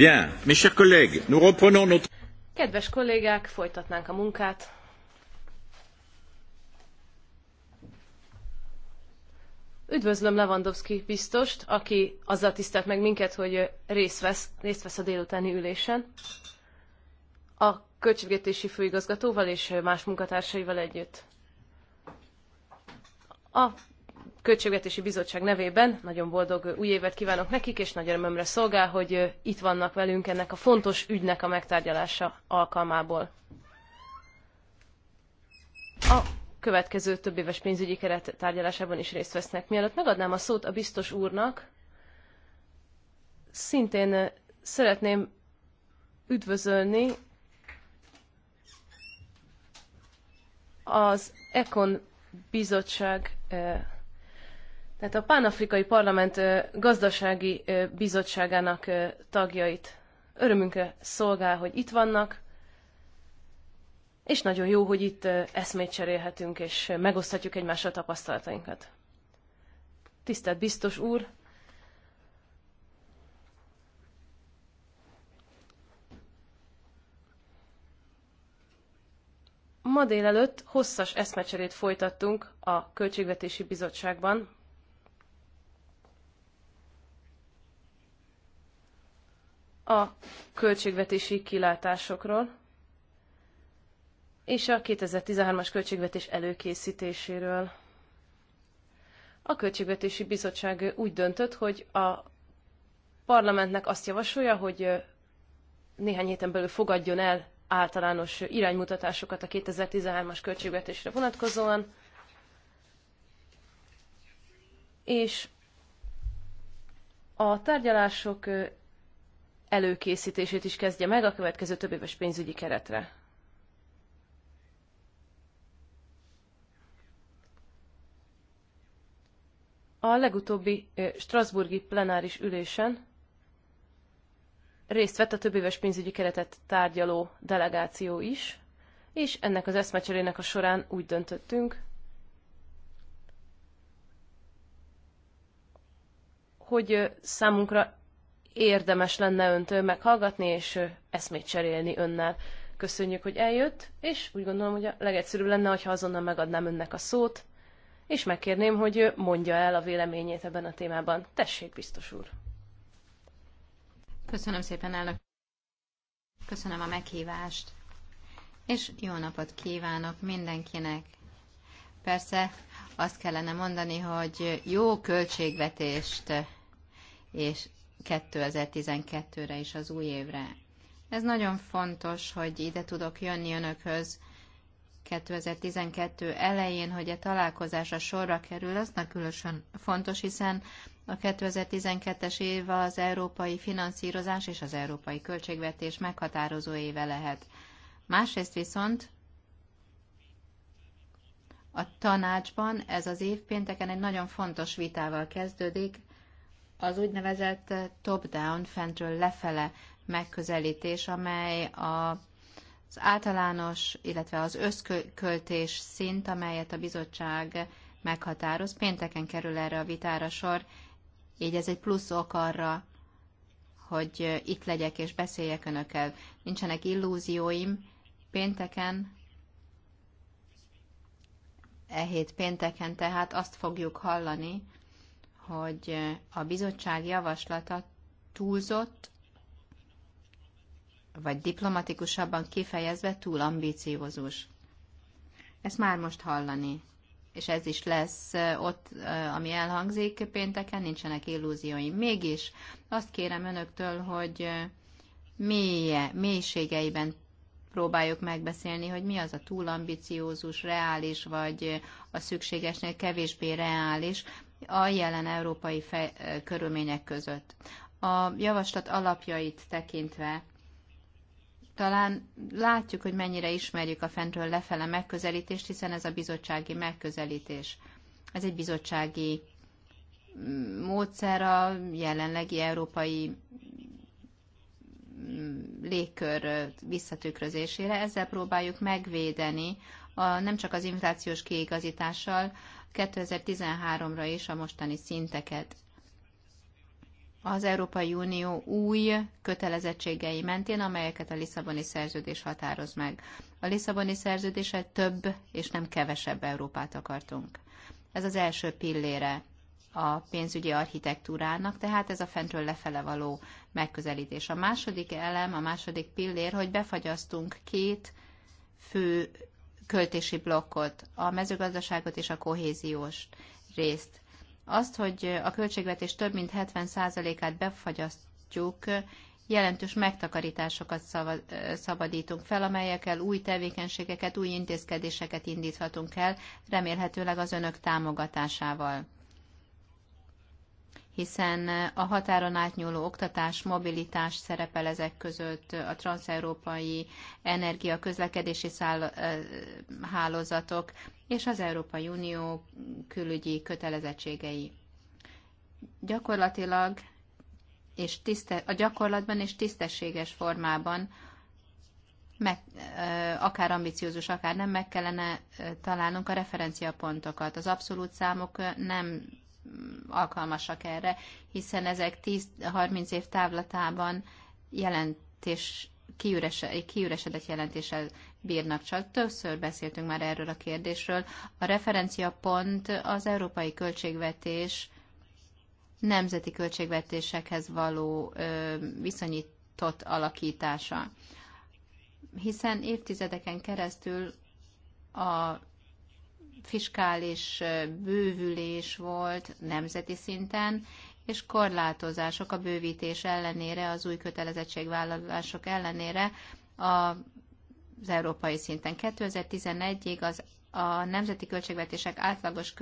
Bien, mes chers collègues, nous reprenons notre... Kedves kollégák, folytatnánk a munkát. Üdvözlöm Lewandowski biztost, aki azzal tisztelt meg minket, hogy részt vesz, részt vesz a délutáni ülésen. A költségvetési főigazgatóval és más munkatársaival együtt. A Költségvetési Bizottság nevében nagyon boldog új évet kívánok nekik, és nagy örömömre szolgál, hogy itt vannak velünk ennek a fontos ügynek a megtárgyalása alkalmából. A következő több éves pénzügyi keret tárgyalásában is részt vesznek. Mielőtt megadnám a szót a biztos úrnak, szintén szeretném üdvözölni az econ bizottság tehát a Pánafrikai Parlament gazdasági bizottságának tagjait. Örömünkre szolgál, hogy itt vannak, és nagyon jó, hogy itt eszmét cserélhetünk, és megoszthatjuk egymással tapasztalatainkat. Tisztelt biztos úr! Ma délelőtt hosszas eszmecserét folytattunk a Költségvetési Bizottságban a költségvetési kilátásokról és a 2013-as költségvetés előkészítéséről. A Költségvetési Bizottság úgy döntött, hogy a parlamentnek azt javasolja, hogy néhány héten belül fogadjon el általános iránymutatásokat a 2013-as költségvetésre vonatkozóan, és a tárgyalások előkészítését is kezdje meg a következő több éves pénzügyi keretre. A legutóbbi Strasburgi plenáris ülésen részt vett a több éves pénzügyi keretet tárgyaló delegáció is, és ennek az eszmecserének a során úgy döntöttünk, hogy számunkra érdemes lenne önt meghallgatni és eszmét cserélni önnel. Köszönjük, hogy eljött, és úgy gondolom, hogy a legegyszerűbb lenne, ha azonnal megadnám önnek a szót, és megkérném, hogy mondja el a véleményét ebben a témában. Tessék, biztos úr! Köszönöm szépen, elnök! Köszönöm a meghívást, és jó napot kívánok mindenkinek! Persze azt kellene mondani, hogy jó költségvetést és 2012-re és az új évre. Ez nagyon fontos, hogy ide tudok jönni önökhöz 2012 elején, hogy a találkozás a sorra kerül, az különösen fontos, hiszen a 2012-es év az európai finanszírozás és az európai költségvetés meghatározó éve lehet. Másrészt viszont a tanácsban ez az év pénteken egy nagyon fontos vitával kezdődik, az úgynevezett top-down, fentről lefele megközelítés, amely a, az általános, illetve az összköltés szint, amelyet a bizottság meghatároz. Pénteken kerül erre a vitára sor, így ez egy plusz ok arra, hogy itt legyek és beszéljek önökkel. Nincsenek illúzióim. Pénteken, e hét pénteken tehát azt fogjuk hallani, hogy a bizottság javaslata túlzott, vagy diplomatikusabban kifejezve túl ambíciózus. Ezt már most hallani. És ez is lesz ott, ami elhangzik pénteken, nincsenek illúzióim. Mégis azt kérem önöktől, hogy mélye, mélységeiben próbáljuk megbeszélni, hogy mi az a túlambiciózus, reális, vagy a szükségesnél kevésbé reális, a jelen európai fej- körülmények között. A javaslat alapjait tekintve talán látjuk, hogy mennyire ismerjük a fentről lefele megközelítést, hiszen ez a bizottsági megközelítés. Ez egy bizottsági mm, módszer a jelenlegi európai mm, légkör visszatükrözésére. Ezzel próbáljuk megvédeni a, nem csak az inflációs kiigazítással, 2013-ra is a mostani szinteket. Az Európai Unió új kötelezettségei mentén, amelyeket a Lisszaboni szerződés határoz meg. A Lisszaboni szerződése több és nem kevesebb Európát akartunk. Ez az első pillére a pénzügyi architektúrának, tehát ez a fentről lefele való megközelítés. A második elem, a második pillér, hogy befagyasztunk két fő költési blokkot, a mezőgazdaságot és a kohéziós részt. Azt, hogy a költségvetés több mint 70%-át befagyasztjuk, jelentős megtakarításokat szabadítunk fel, amelyekkel új tevékenységeket, új intézkedéseket indíthatunk el, remélhetőleg az önök támogatásával hiszen a határon átnyúló oktatás, mobilitás szerepel ezek között a transzeurópai energia közlekedési száll, hálózatok és az Európai Unió külügyi kötelezettségei. Gyakorlatilag és tiszte, a gyakorlatban és tisztességes formában meg, akár ambiciózus, akár nem, meg kellene találnunk a referenciapontokat. Az abszolút számok nem alkalmasak erre, hiszen ezek 10-30 év távlatában jelentés kiürese, kiüresedett jelentéssel bírnak csak. Többször beszéltünk már erről a kérdésről. A referencia pont az európai költségvetés nemzeti költségvetésekhez való ö, viszonyított alakítása. Hiszen évtizedeken keresztül a fiskális bővülés volt nemzeti szinten, és korlátozások a bővítés ellenére, az új kötelezettségvállalások ellenére az európai szinten. 2011-ig az a nemzeti költségvetések átlagos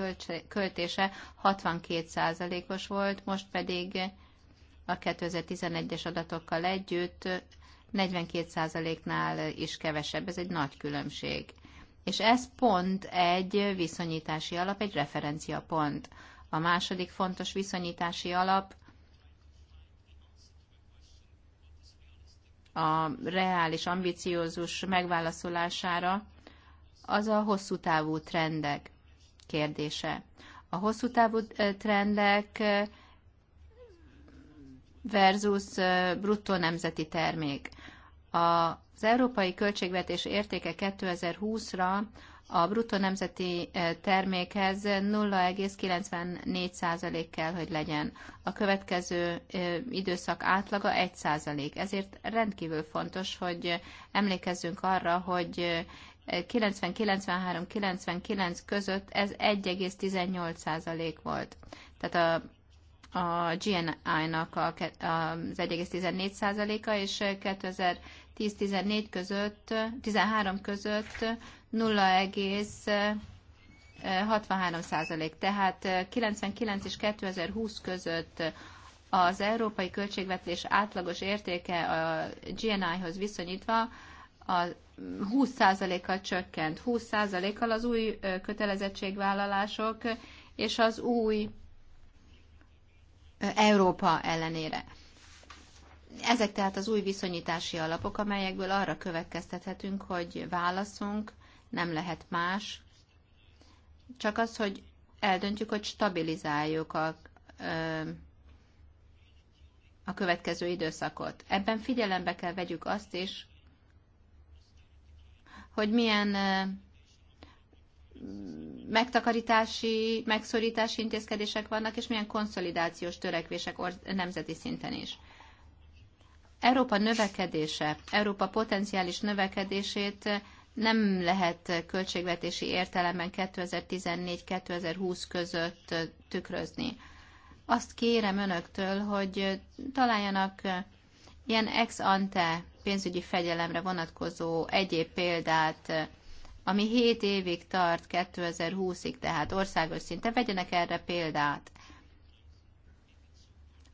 költése 62%-os volt, most pedig a 2011-es adatokkal együtt 42%-nál is kevesebb. Ez egy nagy különbség. És ez pont egy viszonyítási alap, egy referencia pont. A második fontos viszonyítási alap a reális, ambiciózus megválaszolására az a hosszú távú trendek kérdése. A hosszú távú trendek versus bruttó nemzeti termék. A az európai költségvetés értéke 2020-ra a bruttó nemzeti e, termékhez 0,94% kell, hogy legyen. A következő e, időszak átlaga 1%. Ezért rendkívül fontos, hogy emlékezzünk arra, hogy 90-93-99 e, között ez 1,18% volt. Tehát a a GNI-nak az 1,14%-a, és 2000 10-14 között, 13 között 0,63 százalék. Tehát 99 és 2020 között az európai költségvetés átlagos értéke a GNI-hoz viszonyítva a 20%-kal csökkent. 20%-kal az új kötelezettségvállalások és az új Európa ellenére ezek tehát az új viszonyítási alapok, amelyekből arra következtethetünk, hogy válaszunk nem lehet más, csak az, hogy eldöntjük, hogy stabilizáljuk a, a következő időszakot. Ebben figyelembe kell vegyük azt is, hogy milyen megtakarítási, megszorítási intézkedések vannak, és milyen konszolidációs törekvések nemzeti szinten is. Európa növekedése, Európa potenciális növekedését nem lehet költségvetési értelemben 2014-2020 között tükrözni. Azt kérem önöktől, hogy találjanak ilyen ex ante pénzügyi fegyelemre vonatkozó egyéb példát, ami 7 évig tart 2020-ig, tehát országos szinte, vegyenek erre példát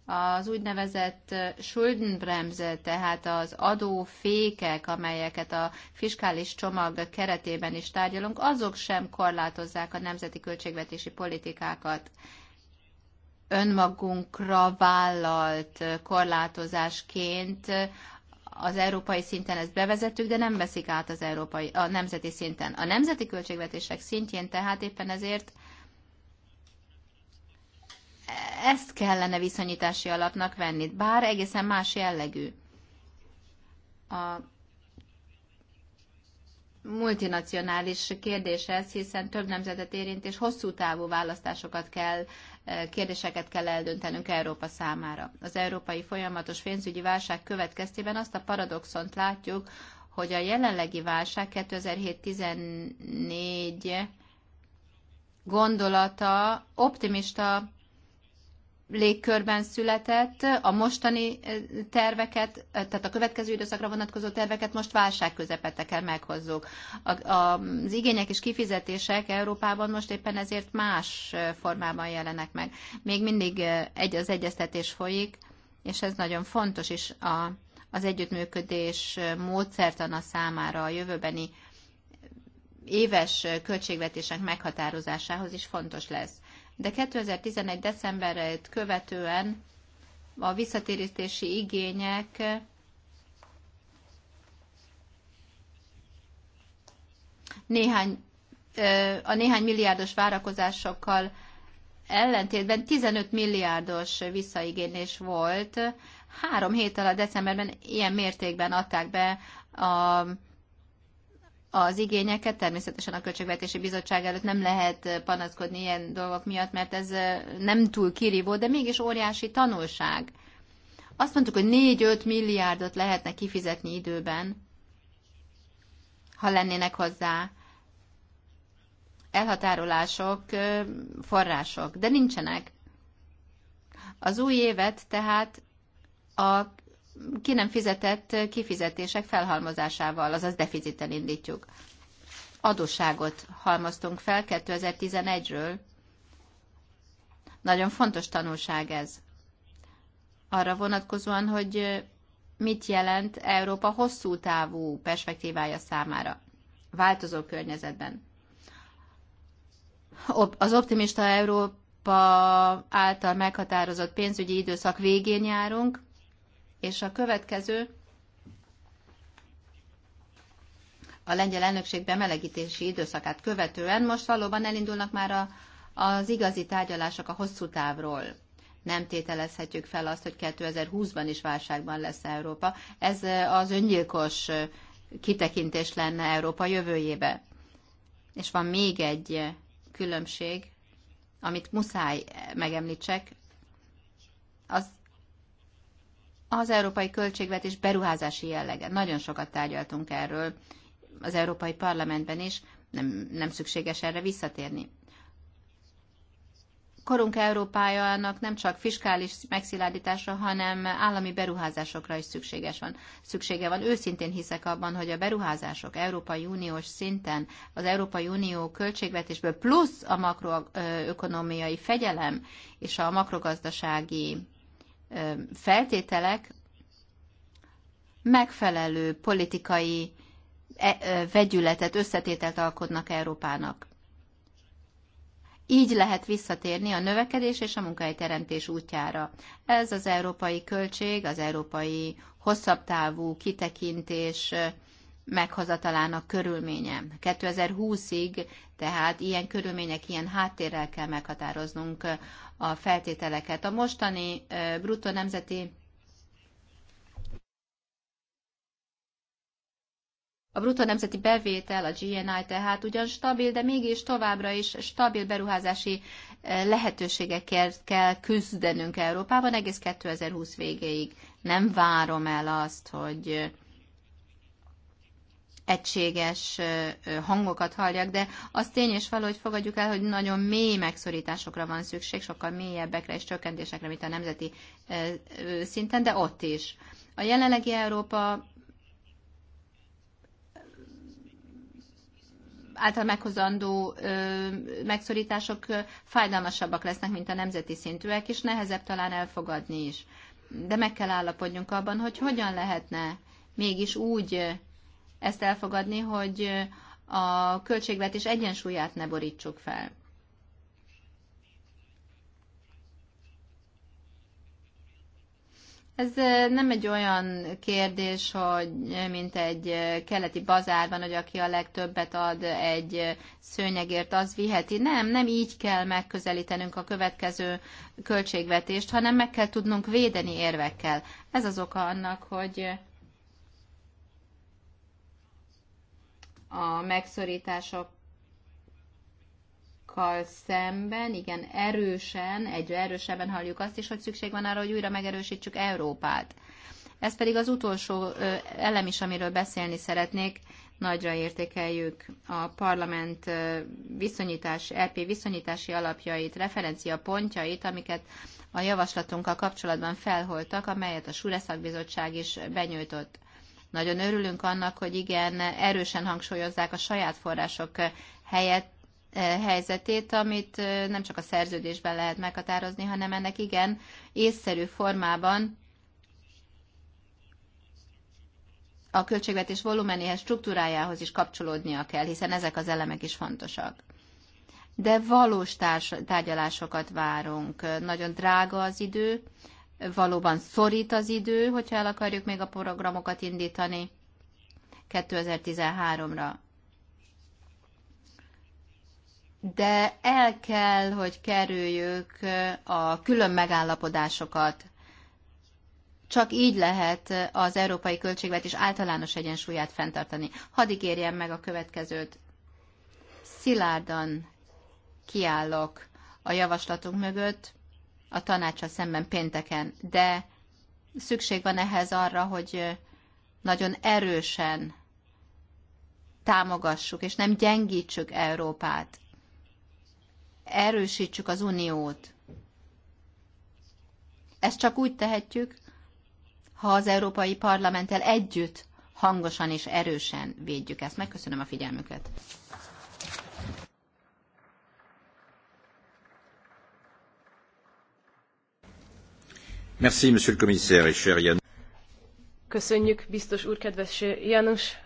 az úgynevezett Schuldenbremse, tehát az adófékek, amelyeket a fiskális csomag keretében is tárgyalunk, azok sem korlátozzák a nemzeti költségvetési politikákat. Önmagunkra vállalt korlátozásként az európai szinten ezt bevezettük, de nem veszik át az európai, a nemzeti szinten. A nemzeti költségvetések szintjén tehát éppen ezért ezt kellene viszonyítási alapnak venni, bár egészen más jellegű. A multinacionális kérdés ez, hiszen több nemzetet érint, és hosszú távú választásokat kell, eh, kérdéseket kell eldöntenünk Európa számára. Az európai folyamatos pénzügyi válság következtében azt a paradoxont látjuk, hogy a jelenlegi válság 2007-14 gondolata optimista légkörben született, a mostani eh, terveket, eh, tehát a következő időszakra vonatkozó terveket most válság közepette kell meghozzuk. A, a, az igények és kifizetések Európában most éppen ezért más eh, formában jelenek meg. Még mindig egy az egyeztetés folyik, és ez nagyon fontos is a, az együttműködés módszertana számára a jövőbeni éves költségvetések meghatározásához is fontos lesz de 2011. decemberét követően a visszatérítési igények néhány, a néhány milliárdos várakozásokkal ellentétben 15 milliárdos visszaigénés volt. Három hét alatt decemberben ilyen mértékben adták be a az igényeket. Természetesen a Költségvetési Bizottság előtt nem lehet eh, panaszkodni ilyen dolgok miatt, mert ez eh, nem túl kirívó, de mégis óriási tanulság. Azt mondtuk, hogy 4-5 milliárdot lehetne kifizetni időben, ha lennének hozzá elhatárolások, eh, források, de nincsenek. Az új évet tehát a ki nem fizetett kifizetések felhalmozásával, azaz deficiten indítjuk. Adósságot halmoztunk fel 2011-ről. Nagyon fontos tanulság ez. Arra vonatkozóan, hogy mit jelent Európa hosszú távú perspektívája számára változó környezetben. Az optimista Európa által meghatározott pénzügyi időszak végén járunk, és a következő a lengyel elnökség bemelegítési időszakát követően most valóban elindulnak már a, az igazi tárgyalások a hosszú távról. Nem tételezhetjük fel azt, hogy 2020-ban is válságban lesz Európa. Ez az öngyilkos kitekintés lenne Európa jövőjébe. És van még egy különbség, amit muszáj megemlítsek, az az európai költségvetés beruházási jellege. Nagyon sokat tárgyaltunk erről az Európai Parlamentben is, nem, nem szükséges erre visszatérni. Korunk Európájának nem csak fiskális megszilárdításra, hanem állami beruházásokra is szükséges van. szüksége van. Őszintén hiszek abban, hogy a beruházások Európai Uniós szinten, az Európai Unió költségvetésből plusz a makroökonomiai fegyelem és a makrogazdasági feltételek megfelelő politikai e, vegyületet, összetételt alkotnak Európának. Így lehet visszatérni a növekedés és a munkahelyteremtés útjára. Ez az európai költség, az európai hosszabb távú kitekintés meghozatalának körülménye. 2020-ig tehát ilyen körülmények, ilyen háttérrel kell meghatároznunk a feltételeket. A mostani bruttó nemzeti A bruttó nemzeti bevétel, a GNI tehát ugyan stabil, de mégis továbbra is stabil beruházási lehetőségekért kell küzdenünk Európában egész 2020 végéig. Nem várom el azt, hogy egységes hangokat halljak, de az tény és való, hogy fogadjuk el, hogy nagyon mély megszorításokra van szükség, sokkal mélyebbekre és csökkentésekre, mint a nemzeti szinten, de ott is. A jelenlegi Európa által meghozandó megszorítások fájdalmasabbak lesznek, mint a nemzeti szintűek, és nehezebb talán elfogadni is. De meg kell állapodjunk abban, hogy hogyan lehetne mégis úgy ezt elfogadni, hogy a költségvetés egyensúlyát ne borítsuk fel. Ez nem egy olyan kérdés, hogy mint egy keleti bazárban, hogy aki a legtöbbet ad egy szőnyegért, az viheti. Nem, nem így kell megközelítenünk a következő költségvetést, hanem meg kell tudnunk védeni érvekkel. Ez az oka annak, hogy a megszorításokkal szemben, igen, erősen, egyre erősebben halljuk azt is, hogy szükség van arra, hogy újra megerősítsük Európát. Ez pedig az utolsó elem is, amiről beszélni szeretnék. Nagyra értékeljük a parlament viszonyítás, EP viszonyítási alapjait, referencia pontjait, amiket a javaslatunkkal kapcsolatban felholtak, amelyet a Sureszakbizottság is benyújtott. Nagyon örülünk annak, hogy igen, erősen hangsúlyozzák a saját források eh, helyet eh, helyzetét, amit eh, nem csak a szerződésben lehet meghatározni, hanem ennek igen észszerű formában a költségvetés volumenéhez, struktúrájához is kapcsolódnia kell, hiszen ezek az elemek is fontosak. De valós tárgyalásokat várunk. Nagyon drága az idő, valóban szorít az idő, hogyha el akarjuk még a programokat indítani 2013-ra. De el kell, hogy kerüljük a külön megállapodásokat. Csak így lehet az európai költségvetés általános egyensúlyát fenntartani. Hadd ígérjem meg a következőt. Szilárdan kiállok a javaslatunk mögött, a tanácsa szemben pénteken, de szükség van ehhez arra, hogy nagyon erősen támogassuk, és nem gyengítsük Európát. Erősítsük az uniót. Ezt csak úgy tehetjük, ha az Európai Parlamenttel együtt hangosan és erősen védjük ezt. Megköszönöm a figyelmüket. Merci, monsieur le commissaire et cher Köszönjük, biztos úr, kedves Janusz,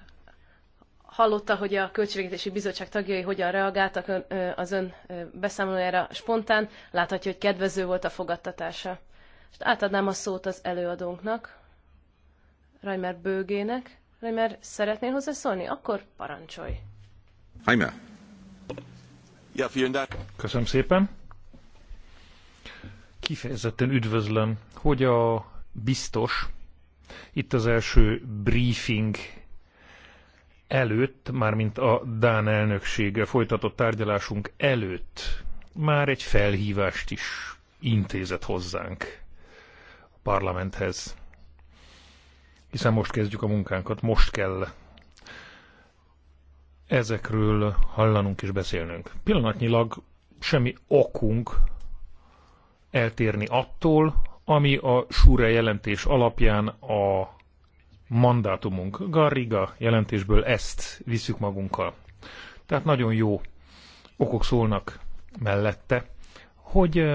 Hallotta, hogy a Költségvetési Bizottság tagjai hogyan reagáltak az ön beszámolójára spontán. Láthatja, hogy kedvező volt a fogadtatása. Most átadnám a szót az előadónknak, Reimer Bőgének. Reimer, szeretnél hozzászólni? Akkor parancsolj. Reimer. Köszönöm szépen kifejezetten üdvözlöm, hogy a biztos itt az első briefing előtt, mármint a Dán elnökséggel folytatott tárgyalásunk előtt már egy felhívást is intézett hozzánk a parlamenthez. Hiszen most kezdjük a munkánkat, most kell ezekről hallanunk és beszélnünk. Pillanatnyilag semmi okunk eltérni attól, ami a Súre jelentés alapján a mandátumunk. Garriga jelentésből ezt visszük magunkkal. Tehát nagyon jó okok szólnak mellette, hogy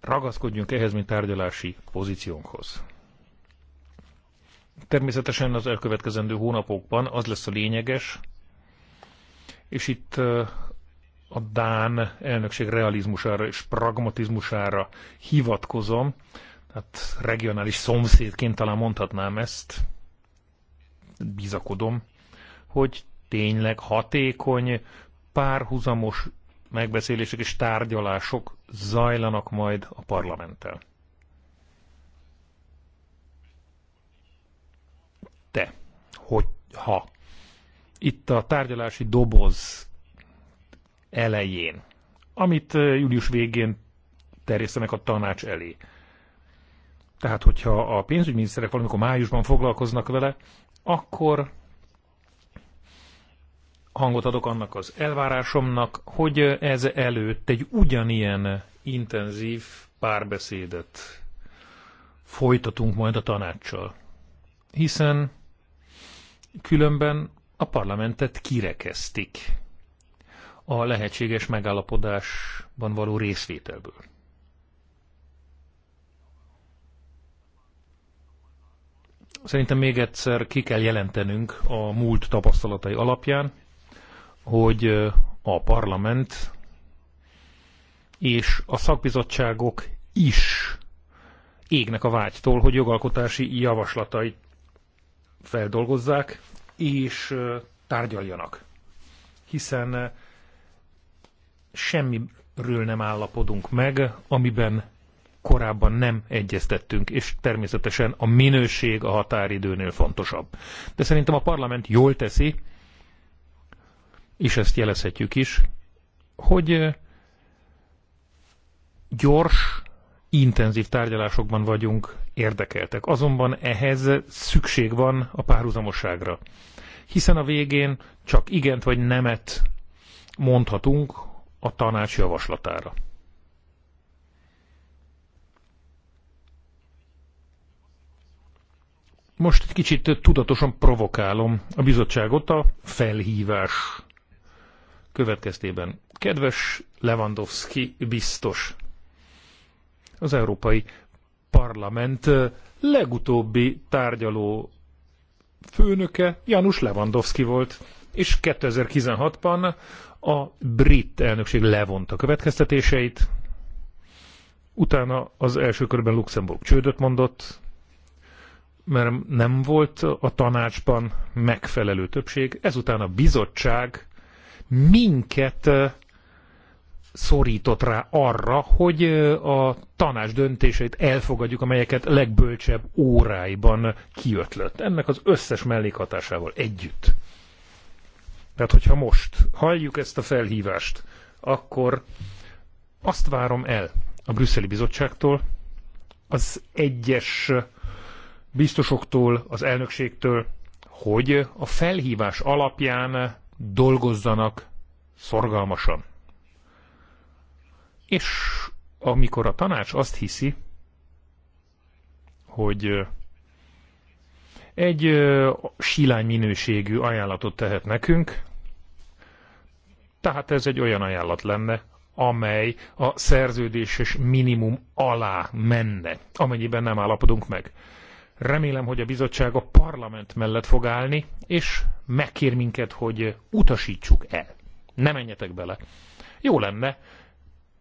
ragaszkodjunk ehhez, mint tárgyalási pozíciónkhoz. Természetesen az elkövetkezendő hónapokban az lesz a lényeges, és itt a Dán elnökség realizmusára és pragmatizmusára hivatkozom, hát regionális szomszédként talán mondhatnám ezt, bizakodom, hogy tényleg hatékony, párhuzamos megbeszélések és tárgyalások zajlanak majd a parlamenttel. Te, hogy ha itt a tárgyalási doboz elején, amit július végén terjesztenek a tanács elé. Tehát, hogyha a pénzügyminiszterek valamikor májusban foglalkoznak vele, akkor hangot adok annak az elvárásomnak, hogy ez előtt egy ugyanilyen intenzív párbeszédet folytatunk majd a tanácssal. Hiszen különben a parlamentet kirekeztik a lehetséges megállapodásban való részvételből. Szerintem még egyszer ki kell jelentenünk a múlt tapasztalatai alapján, hogy a parlament és a szakbizottságok is égnek a vágytól, hogy jogalkotási javaslatait feldolgozzák és tárgyaljanak. Hiszen semmiről nem állapodunk meg, amiben korábban nem egyeztettünk, és természetesen a minőség a határidőnél fontosabb. De szerintem a parlament jól teszi, és ezt jelezhetjük is, hogy gyors, intenzív tárgyalásokban vagyunk érdekeltek. Azonban ehhez szükség van a párhuzamosságra. Hiszen a végén csak igent vagy nemet mondhatunk a tanács javaslatára. Most egy kicsit tudatosan provokálom a bizottságot a felhívás következtében. Kedves Lewandowski biztos, az Európai Parlament legutóbbi tárgyaló főnöke Janus Lewandowski volt és 2016-ban a brit elnökség levonta következtetéseit, utána az első körben Luxemburg csődöt mondott, mert nem volt a tanácsban megfelelő többség, ezután a bizottság minket szorított rá arra, hogy a tanács döntéseit elfogadjuk, amelyeket legbölcsebb óráiban kiötlött. Ennek az összes mellékhatásával együtt. Tehát, hogyha most halljuk ezt a felhívást, akkor azt várom el a brüsszeli bizottságtól, az egyes biztosoktól, az elnökségtől, hogy a felhívás alapján dolgozzanak szorgalmasan. És amikor a tanács azt hiszi, hogy egy ö, silány minőségű ajánlatot tehet nekünk, tehát ez egy olyan ajánlat lenne, amely a szerződéses minimum alá menne, amennyiben nem állapodunk meg. Remélem, hogy a bizottság a parlament mellett fog állni, és megkér minket, hogy utasítsuk el. Ne menjetek bele. Jó lenne,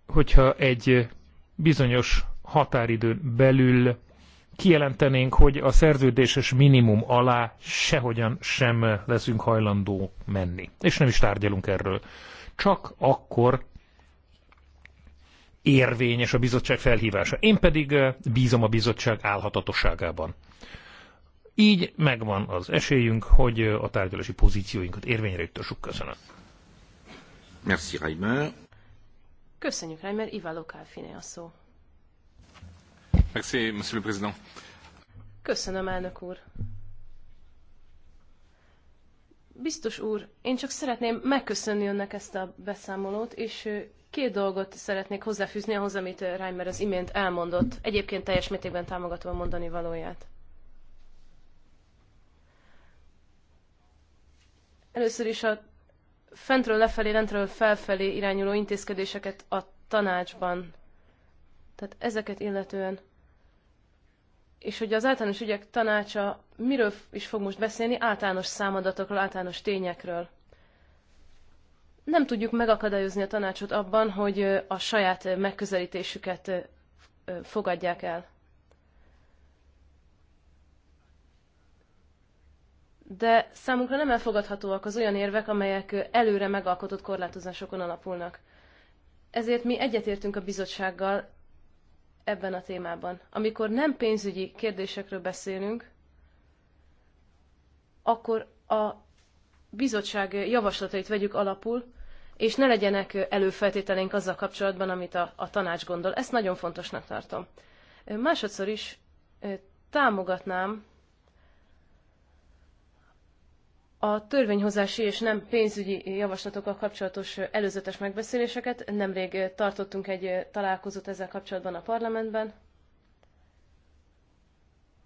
hogyha egy bizonyos határidőn belül kijelentenénk, hogy a szerződéses minimum alá sehogyan sem leszünk hajlandó menni. És nem is tárgyalunk erről. Csak akkor érvényes a bizottság felhívása. Én pedig eh, bízom a bizottság álhatatosságában. Így megvan az esélyünk, hogy eh, a tárgyalási pozícióinkat érvényre juttassuk. Köszönöm. Merci, Reimer. Köszönjük, Reimer. Iváló Kálfiné a szó. Merci, Monsieur le Président. Köszönöm, elnök úr. Biztos úr, én csak szeretném megköszönni önnek ezt a beszámolót, és két dolgot szeretnék hozzáfűzni ahhoz, amit Reimer az imént elmondott. Egyébként teljes mértékben támogatva mondani valóját. Először is a fentről lefelé, lentről felfelé irányuló intézkedéseket a tanácsban. Tehát ezeket illetően és hogy az általános ügyek tanácsa miről is fog most beszélni, általános számadatokról, általános tényekről. Nem tudjuk megakadályozni a tanácsot abban, hogy a saját megközelítésüket fogadják el. De számunkra nem elfogadhatóak az olyan érvek, amelyek előre megalkotott korlátozásokon alapulnak. Ezért mi egyetértünk a bizottsággal ebben a témában. Amikor nem pénzügyi kérdésekről beszélünk, akkor a bizottság javaslatait vegyük alapul, és ne legyenek előfeltételeink azzal kapcsolatban, amit a, a tanács gondol. Ezt nagyon fontosnak tartom. Másodszor is támogatnám A törvényhozási és nem pénzügyi javaslatokkal kapcsolatos előzetes megbeszéléseket nemrég tartottunk egy találkozót ezzel kapcsolatban a parlamentben,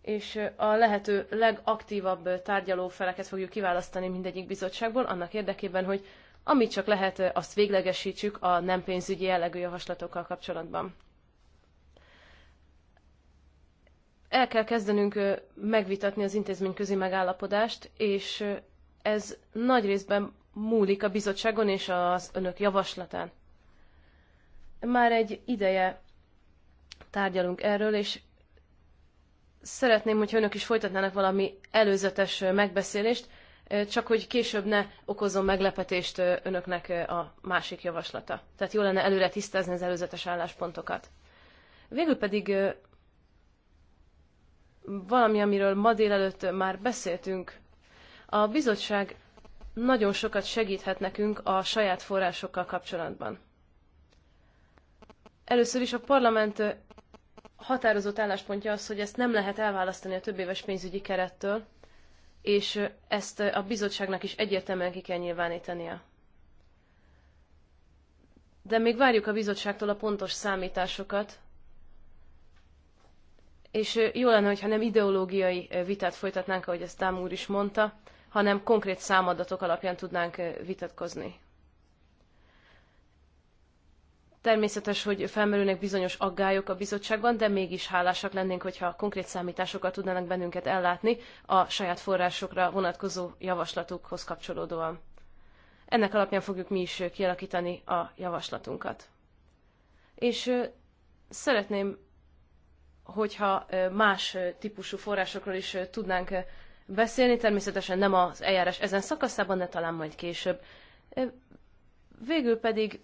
és a lehető legaktívabb tárgyaló feleket fogjuk kiválasztani mindegyik bizottságból, annak érdekében, hogy amit csak lehet, azt véglegesítsük a nem pénzügyi jellegű javaslatokkal kapcsolatban. El kell kezdenünk megvitatni az intézményközi megállapodást, és ez nagy részben múlik a bizottságon és az önök javaslatán. Már egy ideje tárgyalunk erről, és szeretném, hogyha önök is folytatnának valami előzetes megbeszélést, csak hogy később ne okozom meglepetést önöknek a másik javaslata. Tehát jó lenne előre tisztázni az előzetes álláspontokat. Végül pedig valami, amiről ma délelőtt már beszéltünk a bizottság nagyon sokat segíthet nekünk a saját forrásokkal kapcsolatban. Először is a parlament határozott álláspontja az, hogy ezt nem lehet elválasztani a többéves pénzügyi kerettől, és ezt a bizottságnak is egyértelműen ki kell nyilvánítania. De még várjuk a bizottságtól a pontos számításokat, és jó lenne, hogyha nem ideológiai vitát folytatnánk, ahogy ezt Tám úr is mondta, hanem konkrét számadatok alapján tudnánk vitatkozni. Természetes, hogy felmerülnek bizonyos aggályok a bizottságban, de mégis hálásak lennénk, hogyha konkrét számításokat tudnának bennünket ellátni a saját forrásokra vonatkozó javaslatukhoz kapcsolódóan. Ennek alapján fogjuk mi is kialakítani a javaslatunkat. És szeretném, hogyha más típusú forrásokról is tudnánk beszélni, természetesen nem az eljárás ezen szakaszában, de talán majd később. Végül pedig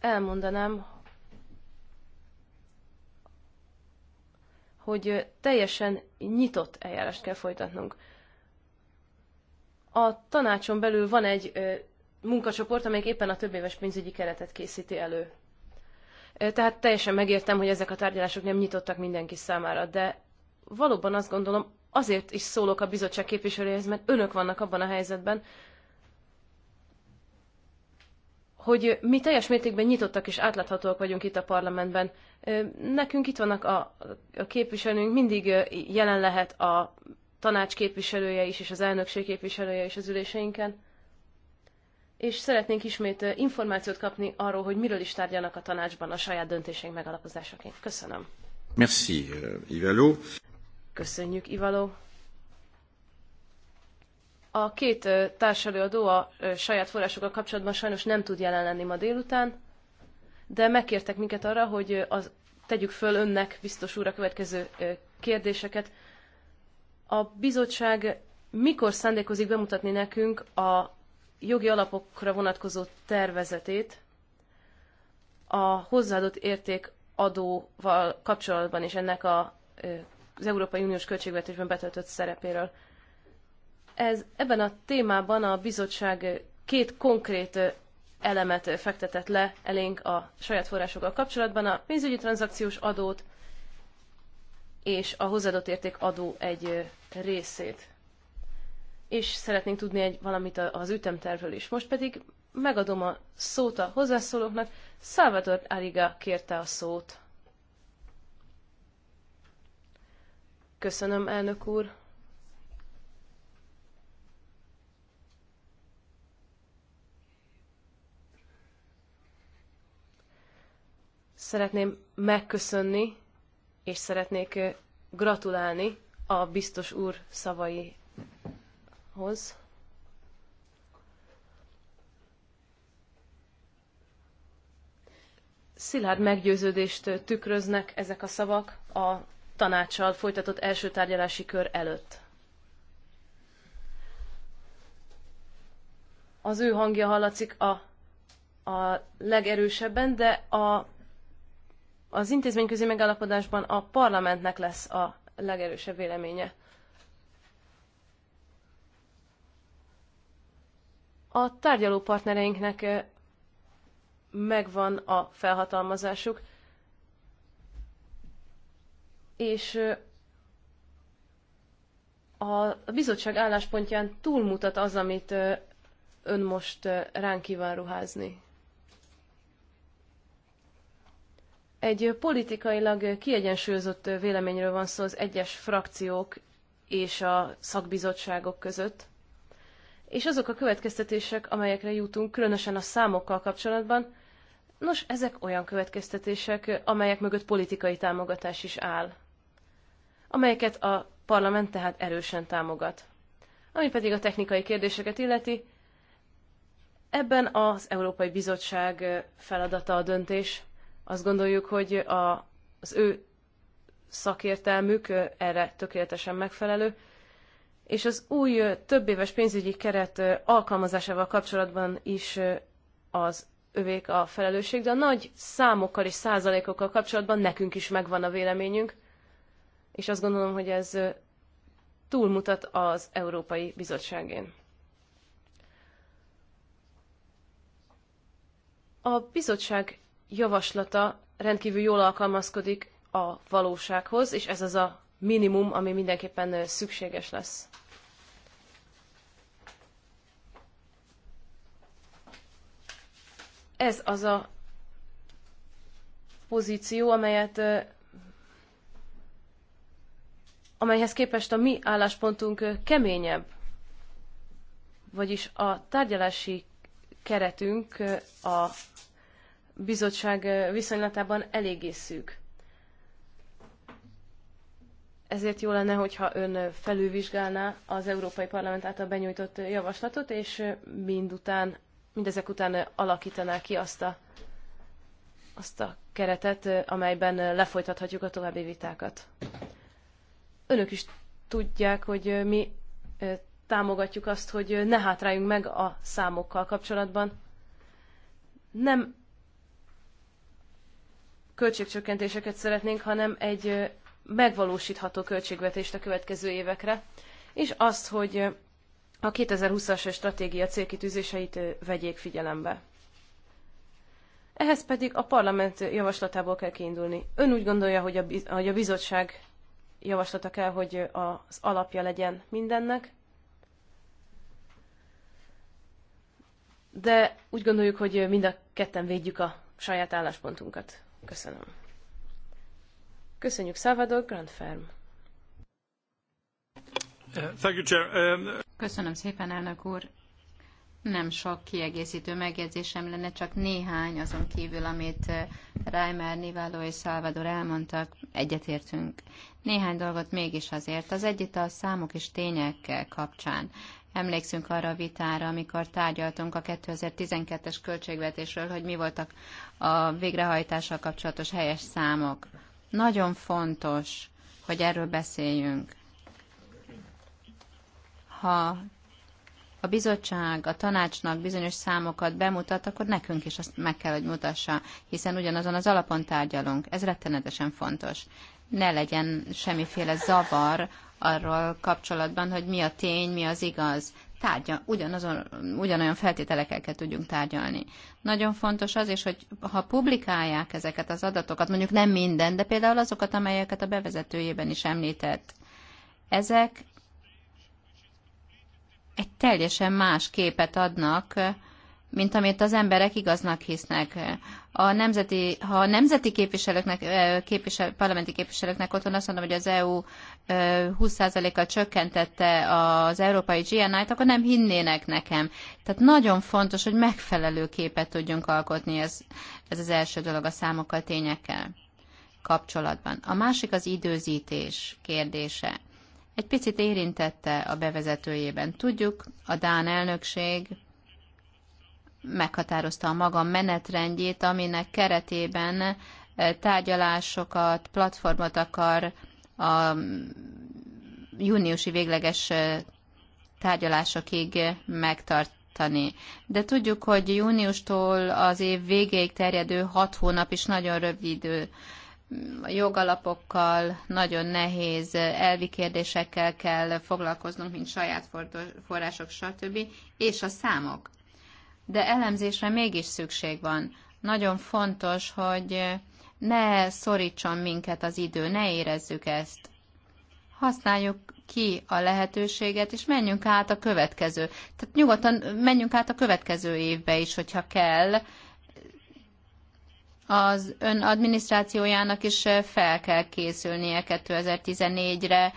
elmondanám, hogy teljesen nyitott eljárást kell folytatnunk. A tanácson belül van egy munkacsoport, amelyik éppen a többéves pénzügyi keretet készíti elő. Tehát teljesen megértem, hogy ezek a tárgyalások nem nyitottak mindenki számára, de valóban azt gondolom, azért is szólok a bizottság képviselőjéhez, mert önök vannak abban a helyzetben, hogy mi teljes mértékben nyitottak és átláthatóak vagyunk itt a parlamentben. Nekünk itt vannak a, a mindig jelen lehet a tanács képviselője is, és az elnökség képviselője is az üléseinken. És szeretnénk ismét információt kapni arról, hogy miről is tárgyalnak a tanácsban a saját döntéseink megalapozásaként. Köszönöm. Merci, euh, Ivalo. Köszönjük, Ivaló. A két társelőadó a saját forrásokkal kapcsolatban sajnos nem tud jelen lenni ma délután, de megkértek minket arra, hogy az, tegyük föl önnek, biztos úr, a következő kérdéseket. A bizottság mikor szándékozik bemutatni nekünk a jogi alapokra vonatkozó tervezetét a hozzáadott érték adóval kapcsolatban és ennek a az Európai Uniós költségvetésben betöltött szerepéről. Ez, ebben a témában a bizottság két konkrét elemet fektetett le elénk a saját forrásokkal kapcsolatban, a pénzügyi tranzakciós adót és a hozzáadott érték adó egy részét. És szeretnénk tudni egy valamit az ütemtervről is. Most pedig megadom a szót a hozzászólóknak. Salvador Ariga kérte a szót. Köszönöm, elnök úr. Szeretném megköszönni, és szeretnék gratulálni a biztos úr szavaihoz. Szilárd meggyőződést tükröznek ezek a szavak a tanácssal folytatott első tárgyalási kör előtt. Az ő hangja hallatszik a, a legerősebben, de a, az intézményközi megállapodásban a parlamentnek lesz a legerősebb véleménye. A tárgyaló partnereinknek megvan a felhatalmazásuk, és a bizottság álláspontján túlmutat az, amit ön most ránk kíván ruházni. Egy politikailag kiegyensúlyozott véleményről van szó az egyes frakciók és a szakbizottságok között, és azok a következtetések, amelyekre jutunk, különösen a számokkal kapcsolatban, nos, ezek olyan következtetések, amelyek mögött politikai támogatás is áll amelyeket a parlament tehát erősen támogat. Ami pedig a technikai kérdéseket illeti, ebben az Európai Bizottság feladata a döntés. Azt gondoljuk, hogy a, az ő szakértelmük erre tökéletesen megfelelő, és az új többéves pénzügyi keret alkalmazásával kapcsolatban is az övék a felelősség, de a nagy számokkal és százalékokkal kapcsolatban nekünk is megvan a véleményünk, és azt gondolom, hogy ez túlmutat az Európai Bizottságén. A bizottság javaslata rendkívül jól alkalmazkodik a valósághoz, és ez az a minimum, ami mindenképpen szükséges lesz. Ez az a pozíció, amelyet amelyhez képest a mi álláspontunk keményebb. Vagyis a tárgyalási keretünk a bizottság viszonylatában eléggé szűk. Ezért jó lenne, hogyha ön felülvizsgálná az Európai Parlament által benyújtott javaslatot, és mindután, mindezek után alakítaná ki azt a, azt a keretet, amelyben lefolytathatjuk a további vitákat. Önök is tudják, hogy mi támogatjuk azt, hogy ne hátráljunk meg a számokkal kapcsolatban. Nem költségcsökkentéseket szeretnénk, hanem egy megvalósítható költségvetést a következő évekre, és azt, hogy a 2020-as stratégia célkitűzéseit vegyék figyelembe. Ehhez pedig a parlament javaslatából kell kiindulni. Ön úgy gondolja, hogy a, hogy a bizottság javaslata kell, hogy az alapja legyen mindennek. De úgy gondoljuk, hogy mind a ketten védjük a saját álláspontunkat. Köszönöm. Köszönjük, Salvador Grand Firm. Um, Köszönöm szépen, elnök úr. Nem sok kiegészítő megjegyzésem lenne, csak néhány azon kívül, amit eh, Reimer, Niváló és Salvador elmondtak, egyetértünk. Néhány dolgot mégis azért. Az egyik a számok és tények kapcsán. Emlékszünk arra a vitára, amikor tárgyaltunk a 2012-es költségvetésről, hogy mi voltak a végrehajtással kapcsolatos helyes számok. Nagyon fontos, hogy erről beszéljünk. Ha a bizottság a tanácsnak bizonyos számokat bemutat, akkor nekünk is azt meg kell, hogy mutassa, hiszen ugyanazon az alapon tárgyalunk. Ez rettenetesen fontos. Ne legyen semmiféle zavar arról kapcsolatban, hogy mi a tény, mi az igaz. Tárgya, ugyanazon, ugyanolyan feltételekkel kell tudjunk tárgyalni. Nagyon fontos az is, hogy ha publikálják ezeket az adatokat, mondjuk nem minden, de például azokat, amelyeket a bevezetőjében is említett, ezek egy teljesen más képet adnak, mint amit az emberek igaznak hisznek. A nemzeti, ha a nemzeti képviselőknek, képvisel, parlamenti képviselőknek otthon azt mondom, hogy az EU 20 a csökkentette az európai GNI-t, akkor nem hinnének nekem. Tehát nagyon fontos, hogy megfelelő képet tudjunk alkotni, ez, ez az első dolog a számokkal, tényekkel kapcsolatban. A másik az időzítés kérdése egy picit érintette a bevezetőjében. Tudjuk, a Dán elnökség meghatározta a maga menetrendjét, aminek keretében e, tárgyalásokat, platformot akar a júniusi végleges e, tárgyalásokig megtartani. De tudjuk, hogy júniustól az év végéig terjedő hat hónap is nagyon rövid idő a jogalapokkal, nagyon nehéz elvi kérdésekkel kell foglalkoznunk, mint saját források, stb. és a számok. De elemzésre mégis szükség van. Nagyon fontos, hogy ne szorítson minket az idő, ne érezzük ezt. Használjuk ki a lehetőséget, és menjünk át a következő. Tehát nyugodtan menjünk át a következő évbe is, hogyha kell, az ön adminisztrációjának is fel kell készülnie 2014-re,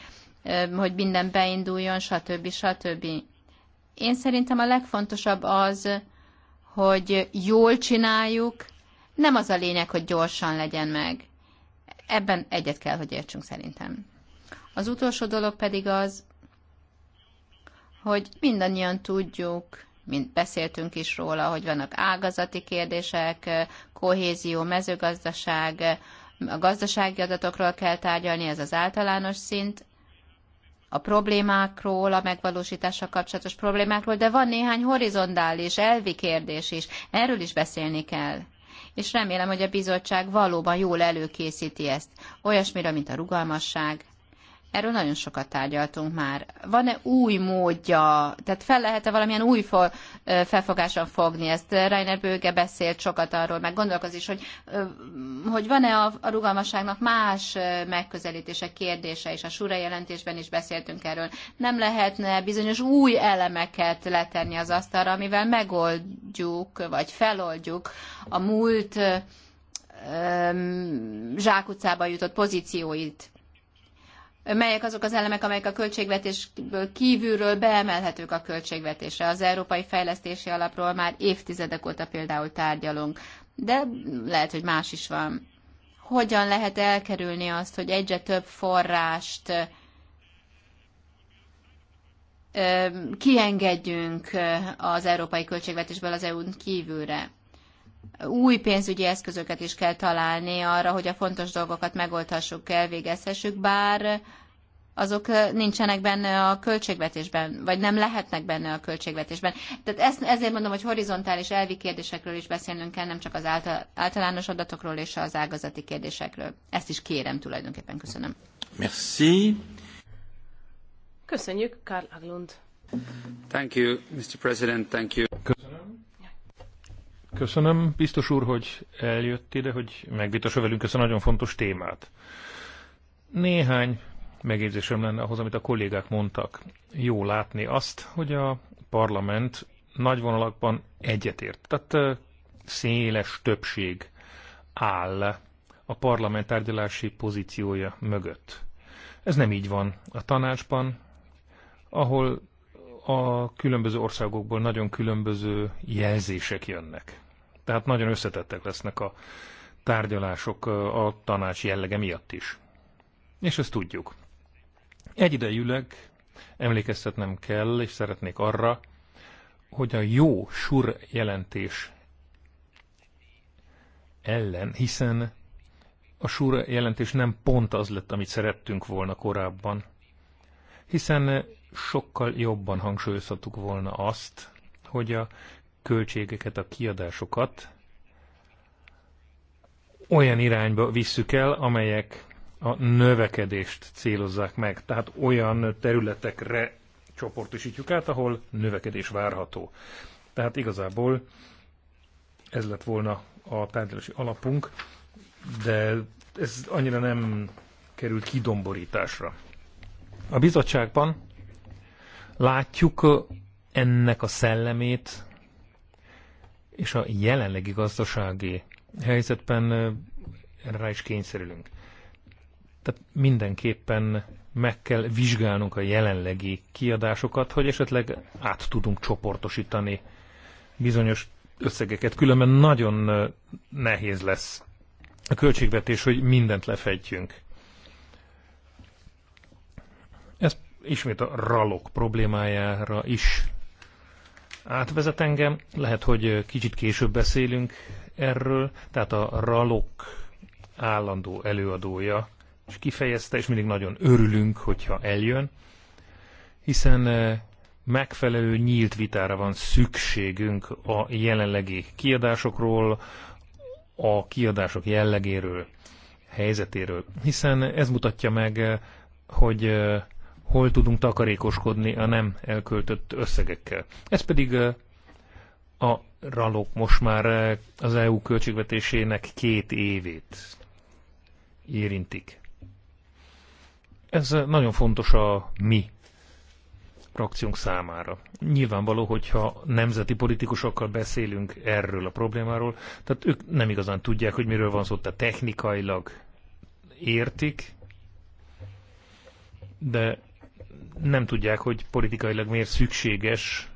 hogy minden beinduljon, stb. stb. Én szerintem a legfontosabb az, hogy jól csináljuk, nem az a lényeg, hogy gyorsan legyen meg. Ebben egyet kell, hogy értsünk szerintem. Az utolsó dolog pedig az, hogy mindannyian tudjuk, mint beszéltünk is róla, hogy vannak ágazati kérdések, kohézió, mezőgazdaság, a gazdasági adatokról kell tárgyalni, ez az általános szint, a problémákról, a megvalósítással kapcsolatos problémákról, de van néhány horizontális, elvi kérdés is. Erről is beszélni kell. És remélem, hogy a bizottság valóban jól előkészíti ezt. Olyasmire, mint a rugalmasság, Erről nagyon sokat tárgyaltunk már. Van-e új módja, tehát fel lehet-e valamilyen új fo- felfogáson fogni ezt? Rainer Bőge beszélt sokat arról, meg gondolkoz is, hogy, hogy van-e a, a rugalmasságnak más megközelítése, kérdése, és a Sura jelentésben is beszéltünk erről. Nem lehetne bizonyos új elemeket letenni az asztalra, amivel megoldjuk, vagy feloldjuk a múlt zsákutcába jutott pozícióit melyek azok az elemek, amelyek a költségvetésből kívülről beemelhetők a költségvetésre. Az Európai Fejlesztési Alapról már évtizedek óta például tárgyalunk, de lehet, hogy más is van. Hogyan lehet elkerülni azt, hogy egyre több forrást kiengedjünk az európai költségvetésből az EU-n kívülre? új pénzügyi eszközöket is kell találni arra, hogy a fontos dolgokat megoldhassuk, elvégezhessük, bár azok nincsenek benne a költségvetésben, vagy nem lehetnek benne a költségvetésben. Tehát ezt, ezért mondom, hogy horizontális elvi kérdésekről is beszélnünk kell, nem csak az általános adatokról és az ágazati kérdésekről. Ezt is kérem tulajdonképpen. Köszönöm. Merci. Köszönjük, Karl Aglund. Thank you, Mr. President, thank you. Köszönöm. Köszönöm, biztos úr, hogy eljött ide, hogy megvitassa velünk ezt a nagyon fontos témát. Néhány megérzésem lenne ahhoz, amit a kollégák mondtak. Jó látni azt, hogy a parlament nagy vonalakban egyetért. Tehát széles többség áll a parlament tárgyalási pozíciója mögött. Ez nem így van a tanácsban, ahol a különböző országokból nagyon különböző jelzések jönnek. Tehát nagyon összetettek lesznek a tárgyalások a tanács jellege miatt is. És ezt tudjuk. Egyidejűleg emlékeztetnem kell, és szeretnék arra, hogy a jó sur jelentés ellen, hiszen a sur jelentés nem pont az lett, amit szerettünk volna korábban, hiszen sokkal jobban hangsúlyozhattuk volna azt, hogy a költségeket, a kiadásokat olyan irányba visszük el, amelyek a növekedést célozzák meg. Tehát olyan területekre csoportosítjuk át, ahol növekedés várható. Tehát igazából ez lett volna a tárgyalási alapunk, de ez annyira nem került kidomborításra. A bizottságban Látjuk ennek a szellemét, és a jelenlegi gazdasági helyzetben rá is kényszerülünk. Tehát mindenképpen meg kell vizsgálnunk a jelenlegi kiadásokat, hogy esetleg át tudunk csoportosítani bizonyos összegeket, különben nagyon nehéz lesz a költségvetés, hogy mindent lefedjünk. ismét a ralok problémájára is átvezet engem. Lehet, hogy kicsit később beszélünk erről, tehát a ralok állandó előadója, és kifejezte, és mindig nagyon örülünk, hogyha eljön, hiszen eh, megfelelő nyílt vitára van szükségünk a jelenlegi kiadásokról, a kiadások jellegéről, helyzetéről, hiszen ez mutatja meg, eh, hogy eh, hol tudunk takarékoskodni a nem elköltött összegekkel. Ez pedig eh, a ralok most már eh, az EU költségvetésének két évét érintik. Ez eh, nagyon fontos a mi frakciónk számára. Nyilvánvaló, hogyha nemzeti politikusokkal beszélünk erről a problémáról, tehát ők nem igazán tudják, hogy miről van szó, tehát technikailag értik, de nem tudják, hogy politikailag miért szükséges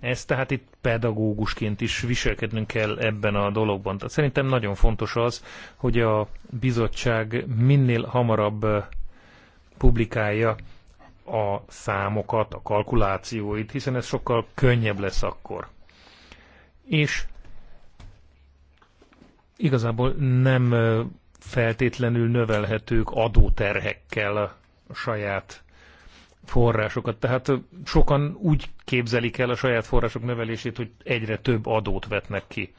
ez, tehát itt pedagógusként is viselkednünk kell ebben a dologban. Tehát szerintem nagyon fontos az, hogy a bizottság minél hamarabb publikálja a számokat, a kalkulációit, hiszen ez sokkal könnyebb lesz akkor. És igazából nem feltétlenül növelhetők adóterhekkel a saját forrásokat. Tehát sokan úgy képzelik el a saját források növelését, hogy egyre több adót vetnek ki.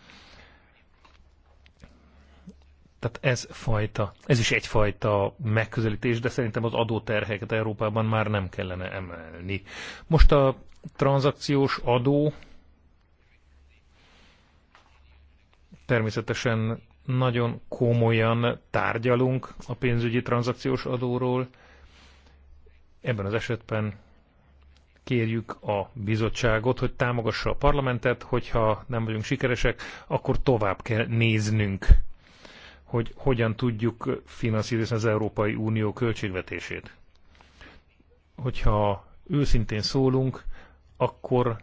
Tehát ez fajta, ez is egyfajta megközelítés, de szerintem az adóterheket Európában már nem kellene emelni. Most a tranzakciós adó természetesen nagyon komolyan tárgyalunk a pénzügyi tranzakciós adóról, Ebben az esetben kérjük a bizottságot, hogy támogassa a parlamentet, hogyha nem vagyunk sikeresek, akkor tovább kell néznünk, hogy hogyan tudjuk finanszírozni az Európai Unió költségvetését. Hogyha őszintén szólunk, akkor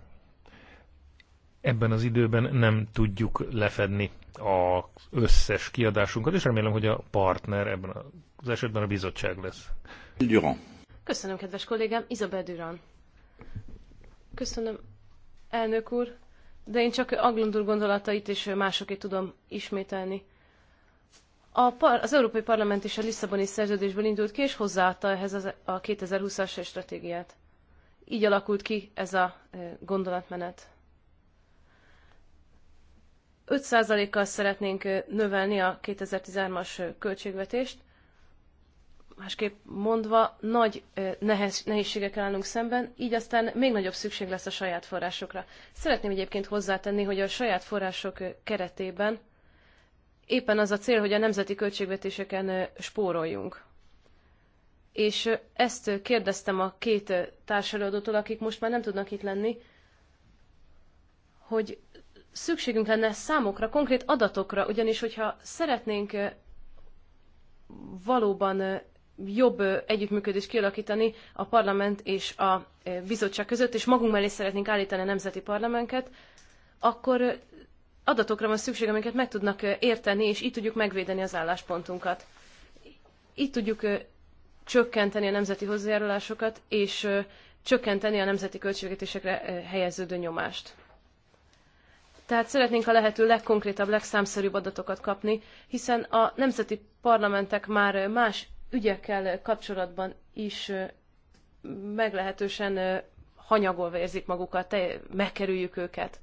ebben az időben nem tudjuk lefedni az összes kiadásunkat, és remélem, hogy a partner ebben az esetben a bizottság lesz. Durant. Köszönöm, kedves kollégám, Izabel Duran. Köszönöm, elnök úr, de én csak Aglundur gondolatait és másokét tudom ismételni. A par- az Európai Parlament is a Lisszaboni szerződésből indult ki, és hozzáadta ehhez az- a 2020-as stratégiát. Így alakult ki ez a gondolatmenet. 5%-kal szeretnénk növelni a 2013-as költségvetést, másképp mondva, nagy nehez, nehézségekkel állunk szemben, így aztán még nagyobb szükség lesz a saját forrásokra. Szeretném egyébként hozzátenni, hogy a saját források keretében éppen az a cél, hogy a nemzeti költségvetéseken spóroljunk. És ezt kérdeztem a két társadalmadótól, akik most már nem tudnak itt lenni, hogy szükségünk lenne számokra, konkrét adatokra, ugyanis hogyha szeretnénk valóban jobb együttműködést kialakítani a parlament és a bizottság között, és magunk mellé szeretnénk állítani a nemzeti parlamentet, akkor adatokra van szükség, amiket meg tudnak érteni, és így tudjuk megvédeni az álláspontunkat. Így tudjuk csökkenteni a nemzeti hozzájárulásokat, és csökkenteni a nemzeti költségvetésekre helyeződő nyomást. Tehát szeretnénk a lehető legkonkrétabb, legszámszerűbb adatokat kapni, hiszen a nemzeti parlamentek már más ügyekkel kapcsolatban is meglehetősen hanyagolva érzik magukat, megkerüljük őket.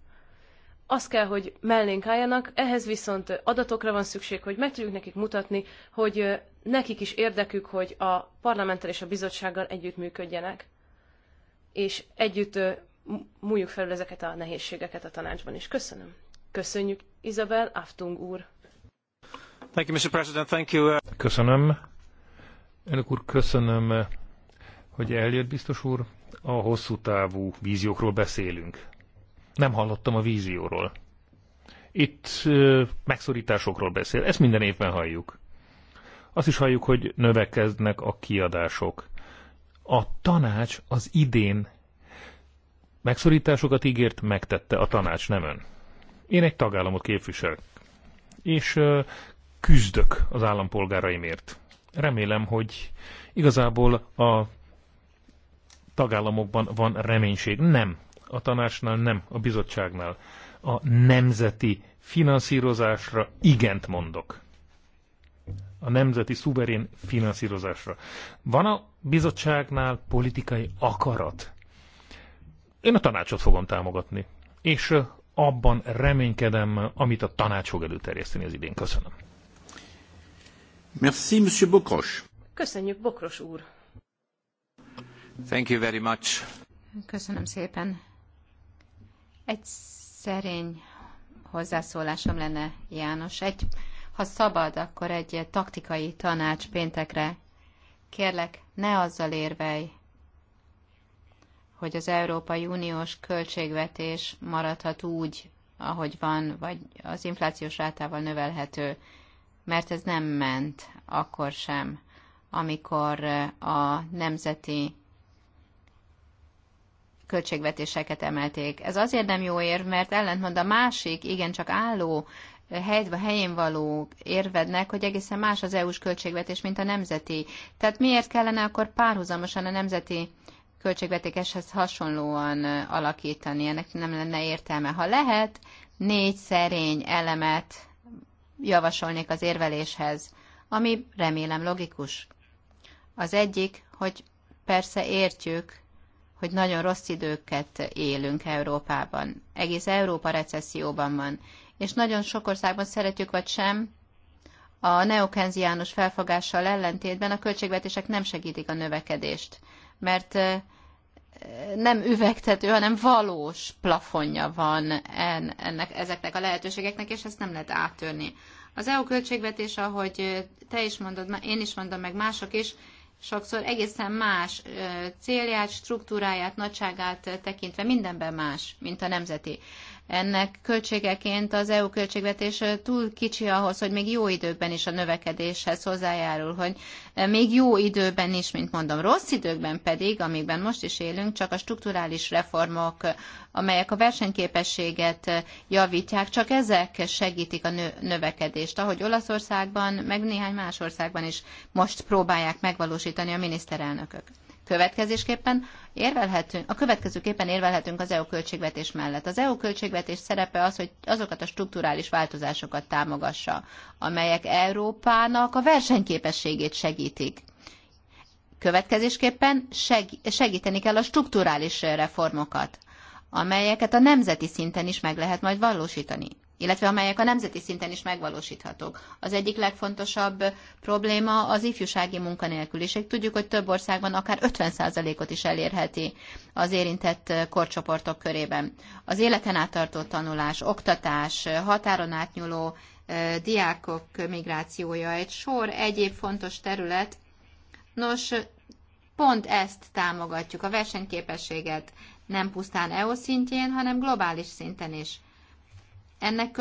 Az kell, hogy mellénk álljanak, ehhez viszont adatokra van szükség, hogy meg tudjuk nekik mutatni, hogy nekik is érdekük, hogy a parlamenttel és a bizottsággal együttműködjenek. És együtt múljuk felül ezeket a nehézségeket a tanácsban is. Köszönöm. Köszönjük, Isabel, Aftung úr. Thank you, Mr. President. Thank you. Uh, Köszönöm. Elnök úr, köszönöm, hogy eljött, biztos úr. A hosszú távú víziókról beszélünk. Nem hallottam a vízióról. Itt megszorításokról beszél. Ezt minden évben halljuk. Azt is halljuk, hogy növekeznek a kiadások. A tanács az idén megszorításokat ígért, megtette a tanács, nem ön. Én egy tagállamot képviselek, és küzdök az állampolgáraimért remélem, hogy igazából a tagállamokban van reménység. Nem a tanácsnál, nem a bizottságnál. A nemzeti finanszírozásra igent mondok. A nemzeti szuverén finanszírozásra. Van a bizottságnál politikai akarat. Én a tanácsot fogom támogatni. És abban reménykedem, amit a tanács fog előterjeszteni az idén. Köszönöm. Merci, Monsieur Bokros. Köszönjük, Bokros úr. Thank you very much. Köszönöm szépen. Egy szerény hozzászólásom lenne, János. Egy, ha szabad, akkor egy taktikai tanács péntekre. Kérlek, ne azzal érvelj, hogy az Európai Uniós költségvetés maradhat úgy, ahogy van, vagy az inflációs rátával növelhető mert ez nem ment akkor sem, amikor a nemzeti költségvetéseket emelték. Ez azért nem jó érv, mert ellentmond a másik, igencsak álló helyedve helyén való érvednek, hogy egészen más az EU-s költségvetés, mint a nemzeti. Tehát miért kellene akkor párhuzamosan a nemzeti költségvetéshez hasonlóan alakítani? Ennek nem lenne értelme. Ha lehet, négy szerény elemet javasolnék az érveléshez, ami remélem logikus. Az egyik, hogy persze értjük, hogy nagyon rossz időket élünk Európában. Egész Európa recesszióban van, és nagyon sok országban szeretjük vagy sem, a neokenziánus felfogással ellentétben a költségvetések nem segítik a növekedést, mert nem üvegtető, hanem valós plafonja van ennek, ezeknek a lehetőségeknek, és ezt nem lehet áttörni. Az EU költségvetés, ahogy te is mondod, én is mondom, meg mások is, sokszor egészen más célját, struktúráját, nagyságát tekintve mindenben más, mint a nemzeti. Ennek költségeként az EU költségvetés túl kicsi ahhoz, hogy még jó időben is a növekedéshez hozzájárul, hogy még jó időben is, mint mondom, rossz időkben pedig, amikben most is élünk, csak a strukturális reformok, amelyek a versenyképességet javítják, csak ezek segítik a növekedést, ahogy Olaszországban, meg néhány más országban is most próbálják megvalósítani a miniszterelnökök. Következésképpen érvelhetünk, a következőképpen érvelhetünk az EU költségvetés mellett. Az EU költségvetés szerepe az, hogy azokat a strukturális változásokat támogassa, amelyek Európának a versenyképességét segítik. Következésképpen segíteni kell a strukturális reformokat, amelyeket a nemzeti szinten is meg lehet majd valósítani illetve amelyek a nemzeti szinten is megvalósíthatók. Az egyik legfontosabb probléma az ifjúsági munkanélküliség. Tudjuk, hogy több országban akár 50%-ot is elérheti az érintett korcsoportok körében. Az életen átartó tanulás, oktatás, határon átnyúló diákok migrációja, egy sor egyéb fontos terület. Nos, pont ezt támogatjuk, a versenyképességet nem pusztán EU szintjén, hanem globális szinten is ennek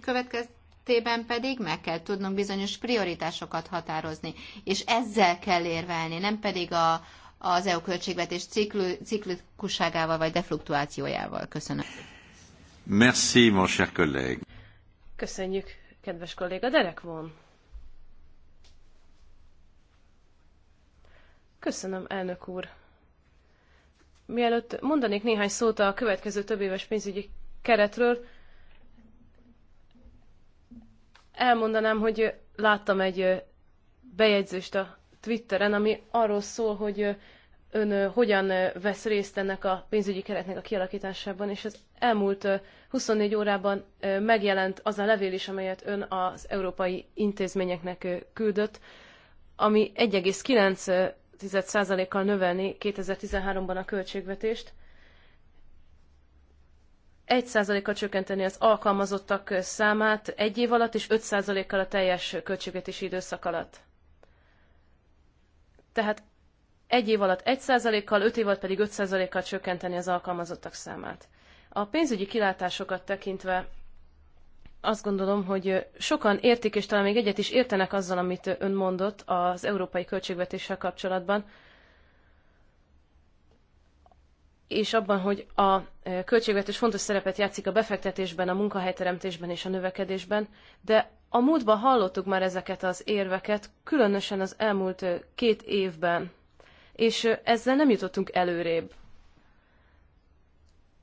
következtében pedig meg kell tudnunk bizonyos prioritásokat határozni, és ezzel kell érvelni, nem pedig a, az EU költségvetés ciklu, ciklikusságával vagy defluktuációjával. Köszönöm. Merci, mon cher collègue. Köszönjük, kedves kolléga. Derek von. Köszönöm, elnök úr. Mielőtt mondanék néhány szót a következő több éves pénzügyi keretről, elmondanám, hogy láttam egy bejegyzést a Twitteren, ami arról szól, hogy ön hogyan vesz részt ennek a pénzügyi keretnek a kialakításában, és az elmúlt 24 órában megjelent az a levél is, amelyet ön az európai intézményeknek küldött, ami 1,9%-kal növelni 2013-ban a költségvetést, 1%-kal csökkenteni az alkalmazottak számát egy év alatt, és 5%-kal a teljes költségvetési időszak alatt. Tehát egy év alatt 1%-kal, 5 év alatt pedig 5%-kal csökkenteni az alkalmazottak számát. A pénzügyi kilátásokat tekintve azt gondolom, hogy sokan értik, és talán még egyet is értenek azzal, amit ön mondott az európai költségvetéssel kapcsolatban, és abban, hogy a e, költségvetés fontos szerepet játszik a befektetésben, a munkahelyteremtésben és a növekedésben, de a múltban hallottuk már ezeket az érveket, különösen az elmúlt e, két évben, és e, ezzel nem jutottunk előrébb.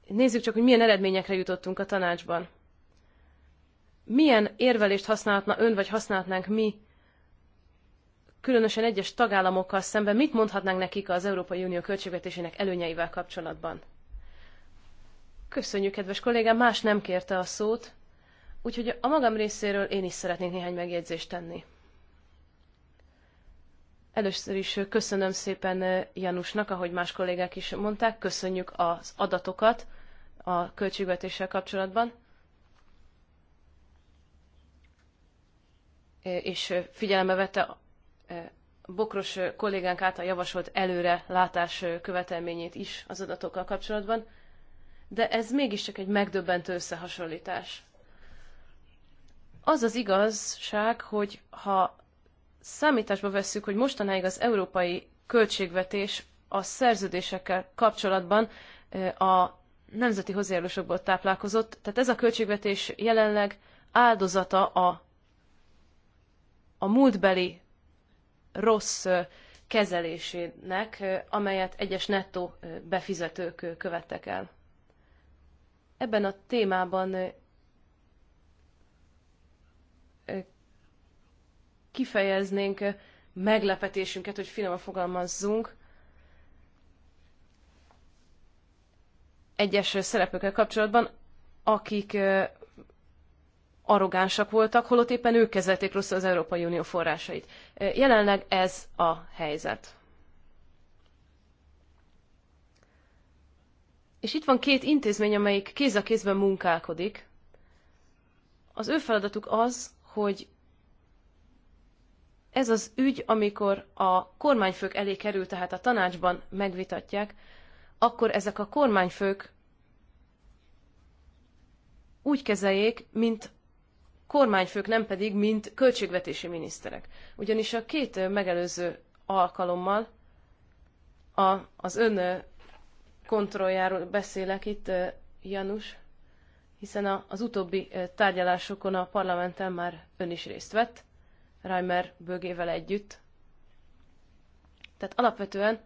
Nézzük csak, hogy milyen eredményekre jutottunk a tanácsban. Milyen érvelést használhatna ön, vagy használhatnánk mi különösen egyes tagállamokkal szemben mit mondhatnánk nekik az Európai Unió költségvetésének előnyeivel kapcsolatban? Köszönjük, kedves kollégám, más nem kérte a szót, úgyhogy a magam részéről én is szeretnék néhány megjegyzést tenni. Először is köszönöm szépen eh, Janusnak, ahogy más kollégák is mondták, köszönjük az adatokat a költségvetéssel kapcsolatban. Eh, és eh, figyelembe vette Bokros kollégánk által javasolt előre látás követelményét is az adatokkal kapcsolatban, de ez mégiscsak egy megdöbbentő összehasonlítás. Az az igazság, hogy ha számításba vesszük, hogy mostanáig az európai költségvetés a szerződésekkel kapcsolatban a nemzeti hozzájárulásokból táplálkozott, tehát ez a költségvetés jelenleg áldozata a, a múltbeli rossz kezelésének, amelyet egyes nettó befizetők követtek el. Ebben a témában kifejeznénk meglepetésünket, hogy finoman fogalmazzunk, egyes szereplőkkel kapcsolatban, akik arrogánsak voltak, holott éppen ők kezelték rosszul az Európai Unió forrásait. Jelenleg ez a helyzet. És itt van két intézmény, amelyik kéz a kézben munkálkodik. Az ő feladatuk az, hogy ez az ügy, amikor a kormányfők elé kerül, tehát a tanácsban megvitatják, akkor ezek a kormányfők úgy kezeljék, mint kormányfők, nem pedig, mint költségvetési miniszterek. Ugyanis a két megelőző alkalommal a, az ön kontrolljáról beszélek itt, Janus, hiszen a, az utóbbi tárgyalásokon a parlamenten már ön is részt vett, Reimer bögével együtt. Tehát alapvetően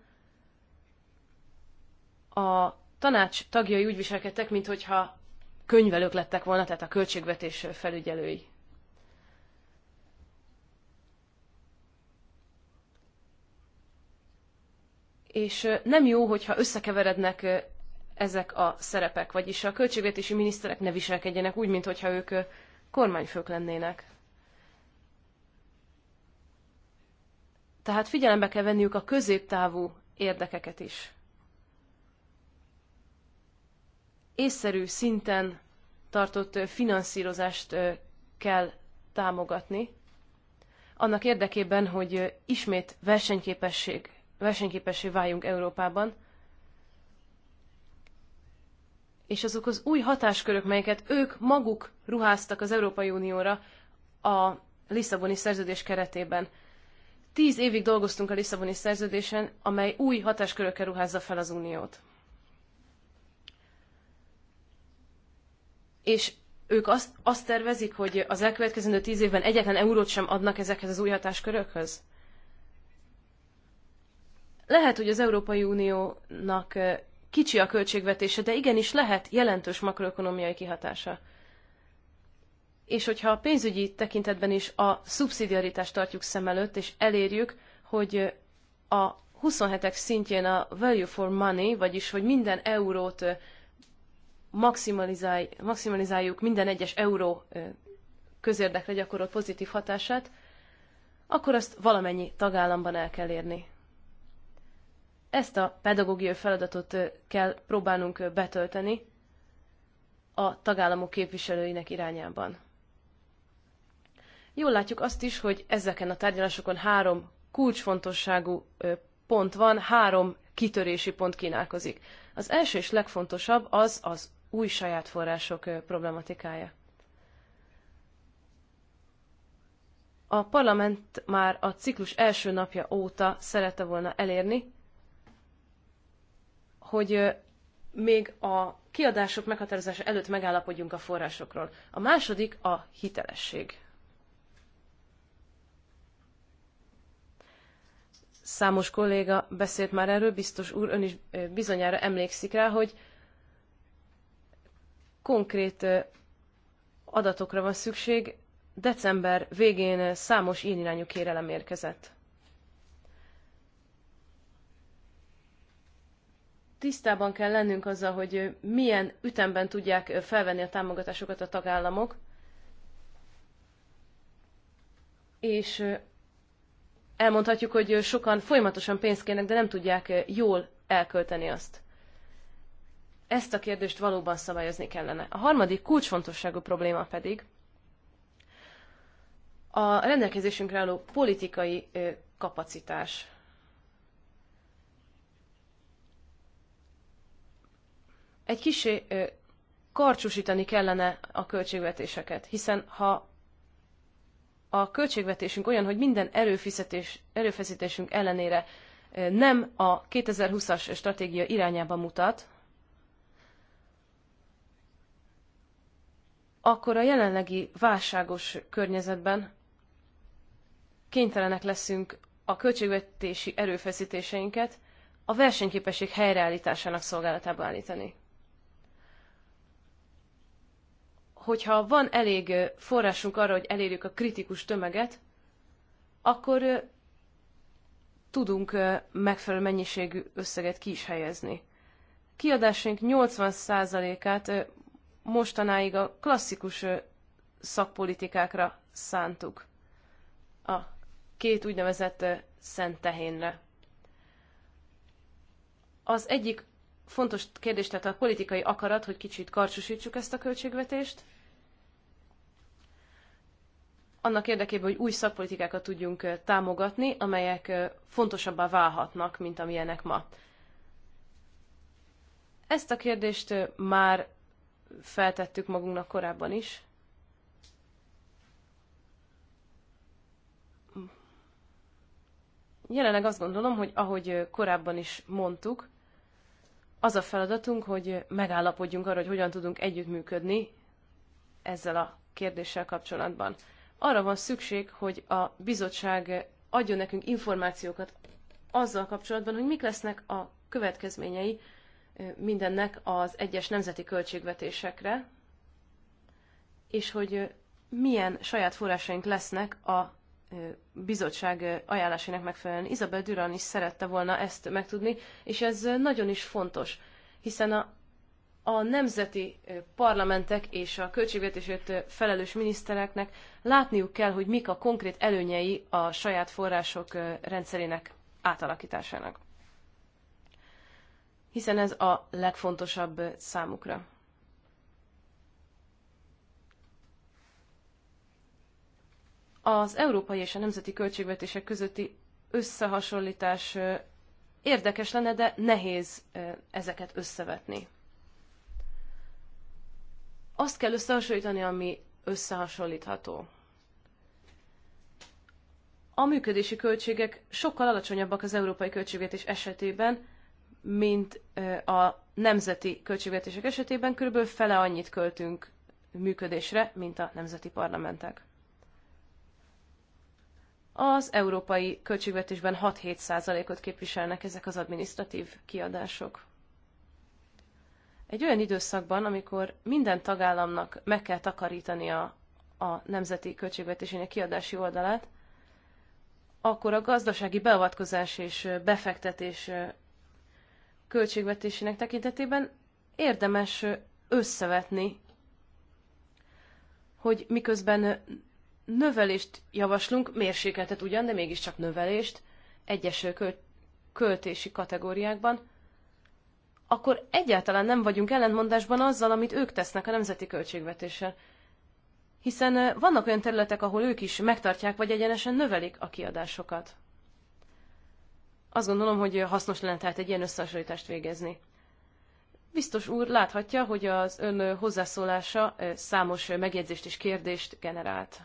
a tanács tagjai úgy viselkedtek, mintha könyvelők lettek volna, tehát a költségvetés felügyelői. És nem jó, hogyha összekeverednek ezek a szerepek, vagyis a költségvetési miniszterek ne viselkedjenek úgy, mintha ők kormányfők lennének. Tehát figyelembe kell venniük a középtávú érdekeket is. észszerű szinten tartott finanszírozást kell támogatni, annak érdekében, hogy ismét versenyképesség, versenyképessé váljunk Európában, és azok az új hatáskörök, melyeket ők maguk ruháztak az Európai Unióra a Lisszaboni szerződés keretében. Tíz évig dolgoztunk a Lisszaboni szerződésen, amely új hatáskörökkel ruházza fel az Uniót. és ők azt, azt tervezik, hogy az elkövetkezendő tíz évben egyetlen eurót sem adnak ezekhez az új hatáskörökhöz? Lehet, hogy az Európai Uniónak kicsi a költségvetése, de igenis lehet jelentős makroökonomiai kihatása. És hogyha a pénzügyi tekintetben is a szubszidiaritást tartjuk szem előtt, és elérjük, hogy a 27-ek szintjén a value for money, vagyis hogy minden eurót maximalizálj, maximalizáljuk minden egyes euró közérdekre gyakorolt pozitív hatását, akkor azt valamennyi tagállamban el kell érni. Ezt a pedagógiai feladatot kell próbálnunk betölteni a tagállamok képviselőinek irányában. Jól látjuk azt is, hogy ezeken a tárgyalásokon három kulcsfontosságú pont van, három kitörési pont kínálkozik. Az első és legfontosabb az az új saját források problematikája. A parlament már a ciklus első napja óta szerette volna elérni, hogy még a kiadások meghatározása előtt megállapodjunk a forrásokról. A második a hitelesség. Számos kolléga beszélt már erről, biztos úr, ön is bizonyára emlékszik rá, hogy konkrét adatokra van szükség. December végén számos ilyen irányú kérelem érkezett. Tisztában kell lennünk azzal, hogy milyen ütemben tudják felvenni a támogatásokat a tagállamok, és elmondhatjuk, hogy sokan folyamatosan pénzt kérnek, de nem tudják jól elkölteni azt ezt a kérdést valóban szabályozni kellene. A harmadik kulcsfontosságú probléma pedig a rendelkezésünkre álló politikai kapacitás. Egy kicsi karcsúsítani kellene a költségvetéseket, hiszen ha a költségvetésünk olyan, hogy minden erőfeszítésünk ellenére nem a 2020-as stratégia irányába mutat, akkor a jelenlegi válságos környezetben kénytelenek leszünk a költségvetési erőfeszítéseinket a versenyképesség helyreállításának szolgálatába állítani. Hogyha van elég forrásunk arra, hogy elérjük a kritikus tömeget, akkor tudunk megfelelő mennyiségű összeget ki is helyezni. Kiadásaink 80%-át mostanáig a klasszikus szakpolitikákra szántuk. A két úgynevezett szent tehénre. Az egyik fontos kérdés, tehát a politikai akarat, hogy kicsit karcsúsítsuk ezt a költségvetést, annak érdekében, hogy új szakpolitikákat tudjunk támogatni, amelyek fontosabbá válhatnak, mint amilyenek ma. Ezt a kérdést már feltettük magunknak korábban is. Jelenleg azt gondolom, hogy ahogy korábban is mondtuk, az a feladatunk, hogy megállapodjunk arra, hogy hogyan tudunk együttműködni ezzel a kérdéssel kapcsolatban. Arra van szükség, hogy a bizottság adjon nekünk információkat azzal kapcsolatban, hogy mik lesznek a következményei mindennek az egyes nemzeti költségvetésekre, és hogy milyen saját forrásaink lesznek a bizottság ajánlásének megfelelően. Isabel Duran is szerette volna ezt megtudni, és ez nagyon is fontos, hiszen a, a nemzeti parlamentek és a költségvetésért felelős minisztereknek látniuk kell, hogy mik a konkrét előnyei a saját források rendszerének átalakításának hiszen ez a legfontosabb számukra. Az európai és a nemzeti költségvetések közötti összehasonlítás érdekes lenne, de nehéz ezeket összevetni. Azt kell összehasonlítani, ami összehasonlítható. A működési költségek sokkal alacsonyabbak az európai költségvetés esetében, mint a nemzeti költségvetések esetében kb. fele annyit költünk működésre, mint a nemzeti parlamentek. Az európai költségvetésben 6-7 százalékot képviselnek ezek az administratív kiadások. Egy olyan időszakban, amikor minden tagállamnak meg kell takarítania a nemzeti költségvetésének kiadási oldalát, akkor a gazdasági beavatkozás és befektetés költségvetésének tekintetében érdemes összevetni, hogy miközben növelést javaslunk, mérsékeltet ugyan, de mégiscsak növelést egyes költési kategóriákban, akkor egyáltalán nem vagyunk ellentmondásban azzal, amit ők tesznek a nemzeti költségvetéssel. Hiszen vannak olyan területek, ahol ők is megtartják vagy egyenesen növelik a kiadásokat. Azt gondolom, hogy hasznos lenne tehát egy ilyen összehasonlítást végezni. Biztos úr láthatja, hogy az ön hozzászólása számos megjegyzést és kérdést generált.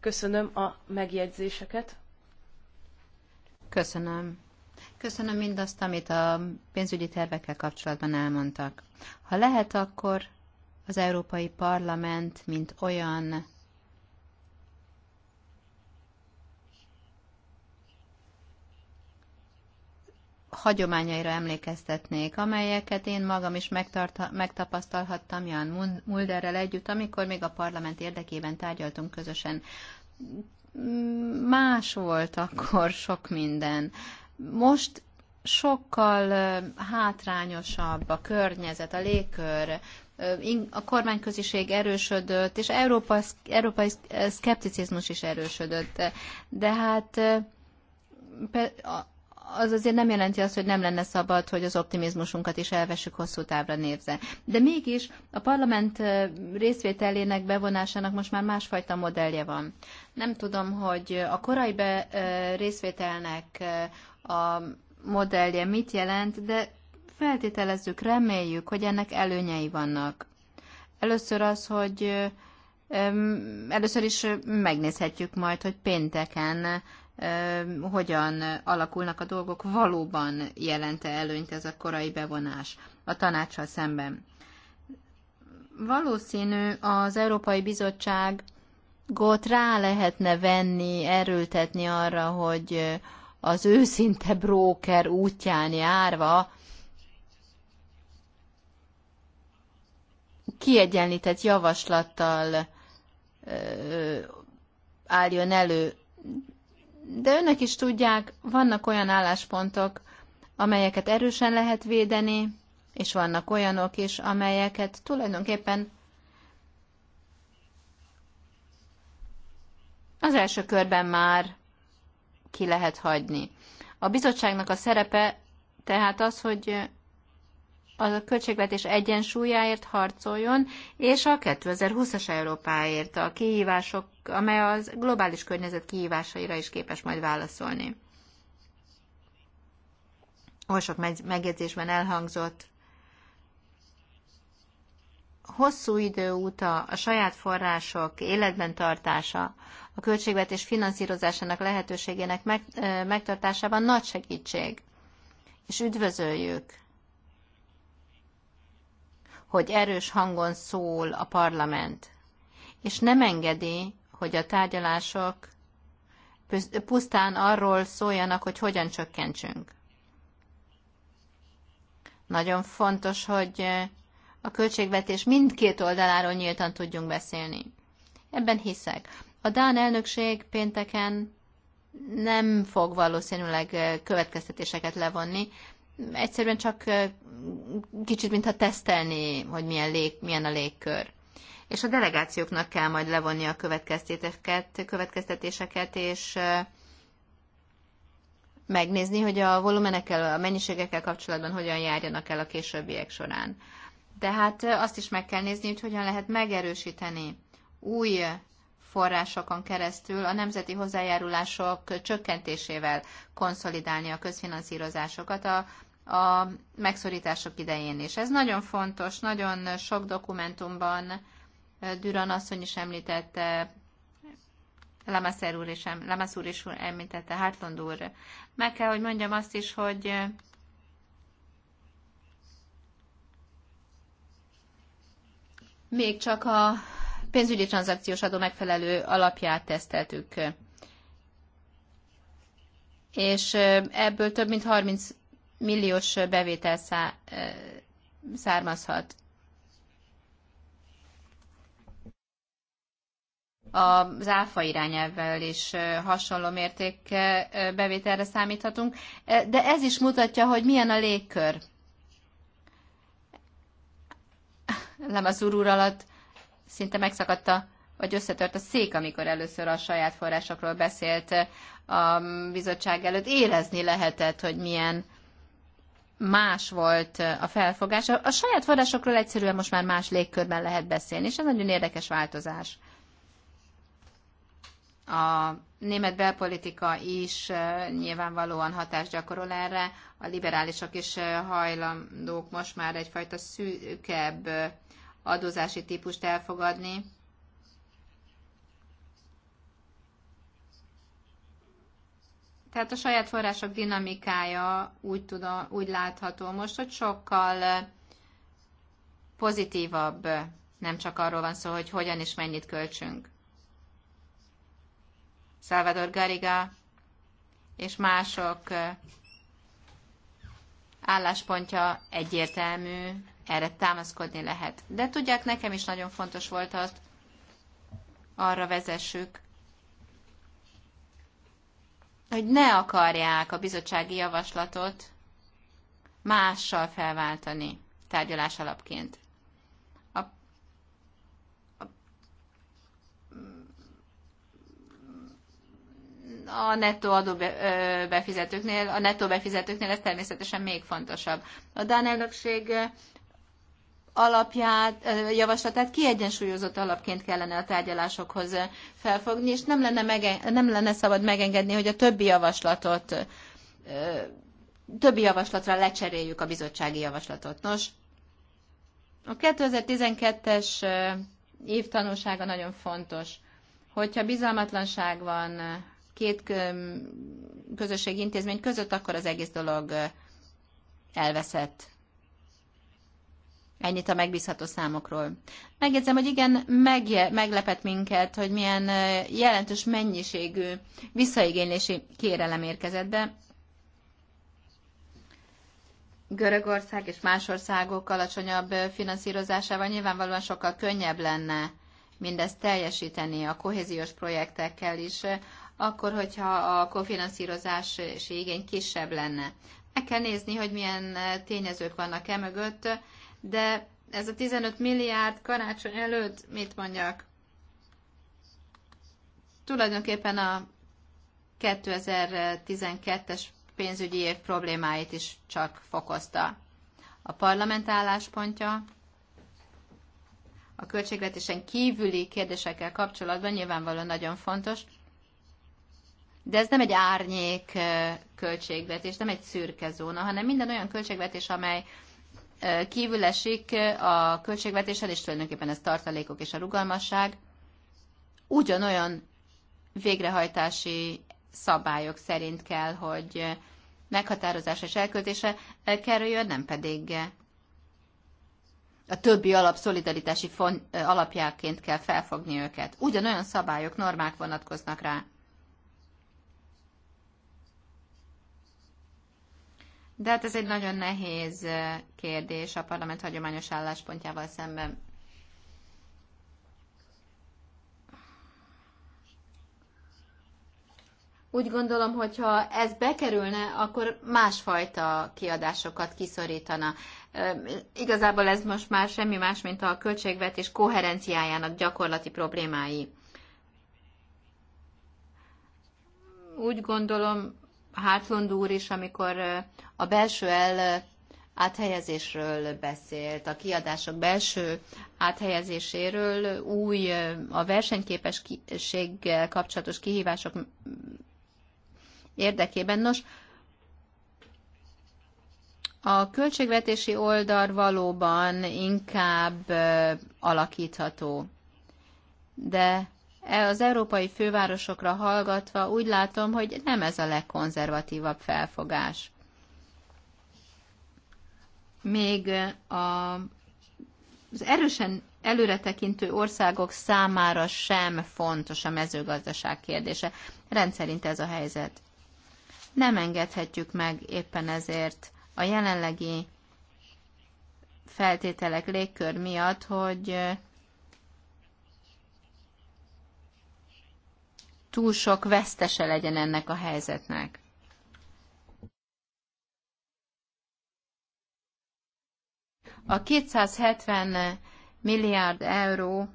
Köszönöm a megjegyzéseket. Köszönöm. Köszönöm mindazt, amit a pénzügyi tervekkel kapcsolatban elmondtak. Ha lehet, akkor az Európai Parlament, mint olyan hagyományaira emlékeztetnék, amelyeket én magam is megtarta, megtapasztalhattam Jan Mulderrel együtt, amikor még a parlament érdekében tárgyaltunk közösen. Más volt akkor sok minden. Most sokkal hátrányosabb a környezet, a légkör, a kormányköziség erősödött, és Európa, európai szkepticizmus is erősödött. De hát az azért nem jelenti azt, hogy nem lenne szabad, hogy az optimizmusunkat is elvessük hosszú távra névze. De mégis a parlament részvételének bevonásának most már másfajta modellje van. Nem tudom, hogy a korai be, részvételnek a modellje mit jelent, de feltételezzük, reméljük, hogy ennek előnyei vannak. Először az, hogy először is megnézhetjük majd, hogy pénteken hogyan alakulnak a dolgok, valóban jelente előnyt ez a korai bevonás a tanácssal szemben. Valószínű az Európai Bizottság gott rá lehetne venni, erőltetni arra, hogy az őszinte bróker útján járva kiegyenlített javaslattal álljon elő de önök is tudják, vannak olyan álláspontok, amelyeket erősen lehet védeni, és vannak olyanok is, amelyeket tulajdonképpen az első körben már ki lehet hagyni. A bizottságnak a szerepe tehát az, hogy a költségvetés egyensúlyáért harcoljon, és a 2020-as Európáért a kihívások, amely az globális környezet kihívásaira is képes majd válaszolni. Oly sok megjegyzésben elhangzott, hosszú idő óta a saját források életben tartása, a költségvetés finanszírozásának lehetőségének megtartásában nagy segítség, és üdvözöljük hogy erős hangon szól a parlament, és nem engedi, hogy a tárgyalások pusztán arról szóljanak, hogy hogyan csökkentsünk. Nagyon fontos, hogy eh, a költségvetés mindkét oldaláról nyíltan tudjunk beszélni. Ebben hiszek. A Dán elnökség pénteken nem fog valószínűleg eh, következtetéseket levonni, egyszerűen csak kicsit, mintha tesztelni, hogy milyen, lég, milyen a légkör. És a delegációknak kell majd levonni a következtetéseket, következtetéseket és megnézni, hogy a volumenekkel, a mennyiségekkel kapcsolatban hogyan járjanak el a későbbiek során. De hát azt is meg kell nézni, hogy hogyan lehet megerősíteni új forrásokon keresztül a nemzeti hozzájárulások csökkentésével konszolidálni a közfinanszírozásokat a a megszorítások idején is. Ez nagyon fontos, nagyon sok dokumentumban eh, Düran asszony is említette, Lemeszer úr is, Lemesz úr is említette, Hartland úr. Meg kell, hogy mondjam azt is, hogy eh, még csak a pénzügyi tranzakciós adó megfelelő alapját teszteltük. És eh, ebből több mint 30 milliós bevétel szá, származhat. az áfa irányelvvel is hasonló mérték bevételre számíthatunk, de ez is mutatja, hogy milyen a légkör. az úr alatt szinte megszakadta, vagy összetört a szék, amikor először a saját forrásokról beszélt a bizottság előtt. Érezni lehetett, hogy milyen más volt a felfogás. A, a saját forrásokról egyszerűen most már más légkörben lehet beszélni, és ez nagyon érdekes változás. A német belpolitika is nyilvánvalóan hatást gyakorol erre, a liberálisok is hajlandók most már egyfajta szűkebb adózási típust elfogadni, tehát a saját források dinamikája úgy, tudom, úgy látható most, hogy sokkal eh, pozitívabb, nem csak arról van szó, hogy hogyan és mennyit költsünk. Salvador Gariga és mások eh, álláspontja egyértelmű, erre támaszkodni lehet. De tudják, nekem is nagyon fontos volt azt, arra vezessük hogy ne akarják a bizottsági javaslatot mással felváltani tárgyalás alapként. A, a, a nettó adó befizetőknél, a nettó befizetőknél ez természetesen még fontosabb. A Dán elnökség alapját, javaslatát kiegyensúlyozott alapként kellene a tárgyalásokhoz felfogni, és nem lenne, mege, nem lenne szabad megengedni, hogy a többi javaslatot többi javaslatra lecseréljük a bizottsági javaslatot. Nos, a 2012-es év tanulsága nagyon fontos. Hogyha bizalmatlanság van két közösségi intézmény között, akkor az egész dolog elveszett. Ennyit a megbízható számokról. Megjegyzem, hogy igen, megje, meglepet minket, hogy milyen jelentős mennyiségű visszaigénylési kérelem érkezett be. Görögország és más országok alacsonyabb finanszírozásával nyilvánvalóan sokkal könnyebb lenne mindezt teljesíteni a kohéziós projektekkel is, akkor, hogyha a kofinanszírozási igény kisebb lenne. Meg kell nézni, hogy milyen tényezők vannak e mögött, de ez a 15 milliárd karácsony előtt, mit mondjak, tulajdonképpen a 2012-es pénzügyi év problémáit is csak fokozta. A parlament álláspontja a költségvetésen kívüli kérdésekkel kapcsolatban nyilvánvalóan nagyon fontos, de ez nem egy árnyék költségvetés, nem egy szürke zóna, hanem minden olyan költségvetés, amely kívül esik a költségvetéssel, és tulajdonképpen ez tartalékok és a rugalmasság, ugyanolyan végrehajtási szabályok szerint kell, hogy meghatározása és elköltése kerüljön, nem pedig a többi alap szolidaritási alapjáként kell felfogni őket. Ugyanolyan szabályok, normák vonatkoznak rá. De hát ez egy nagyon nehéz kérdés a parlament hagyományos álláspontjával szemben. Úgy gondolom, hogyha ez bekerülne, akkor másfajta kiadásokat kiszorítana. Igazából ez most már semmi más, mint a költségvetés koherenciájának gyakorlati problémái. Úgy gondolom, Hártlund úr is, amikor a belső el áthelyezésről beszélt, a kiadások belső áthelyezéséről, új a versenyképességgel kapcsolatos kihívások érdekében. Nos, a költségvetési oldal valóban inkább alakítható, de E az európai fővárosokra hallgatva úgy látom, hogy nem ez a legkonzervatívabb felfogás. Még a, az erősen előretekintő országok számára sem fontos a mezőgazdaság kérdése. Rendszerint ez a helyzet. Nem engedhetjük meg éppen ezért a jelenlegi feltételek légkör miatt, hogy túl sok vesztese legyen ennek a helyzetnek. A 270 milliárd euró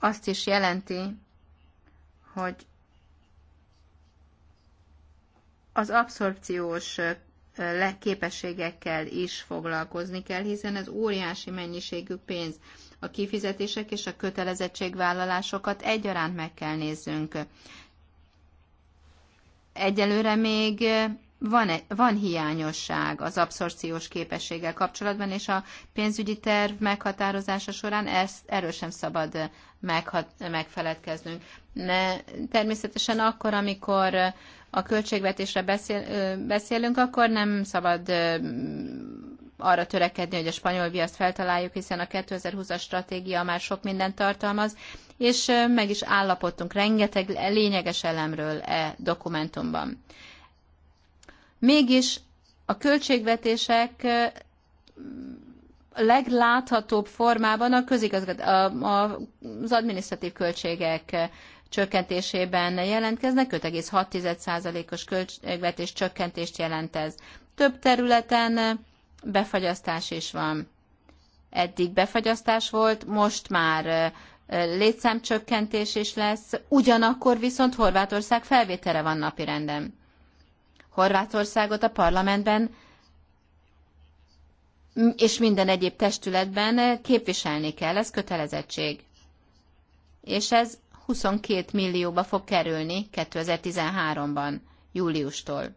azt is jelenti, hogy az abszorpciós képességekkel is foglalkozni kell, hiszen ez óriási mennyiségű pénz a kifizetések és a kötelezettségvállalásokat egyaránt meg kell néznünk. Egyelőre még van, -e, van hiányosság az abszorciós képességgel kapcsolatban, és a pénzügyi terv meghatározása során ezt, erről sem szabad meghat, megfeledkeznünk. Ne, természetesen akkor, amikor a költségvetésre beszél, beszélünk, akkor nem szabad arra törekedni, hogy a spanyol viaszt feltaláljuk, hiszen a 2020-as stratégia már sok mindent tartalmaz, és meg is állapodtunk rengeteg lényeges elemről e dokumentumban. Mégis a költségvetések legláthatóbb formában a, közigazgat, a, a, az adminisztratív költségek csökkentésében jelentkeznek, 5,6%-os költségvetés csökkentést jelent ez. Több területen befagyasztás is van. Eddig befagyasztás volt, most már létszámcsökkentés is lesz, ugyanakkor viszont Horvátország felvétele van napirenden. Horvátországot a parlamentben és minden egyéb testületben képviselni kell, ez kötelezettség. És ez 22 millióba fog kerülni 2013-ban, júliustól.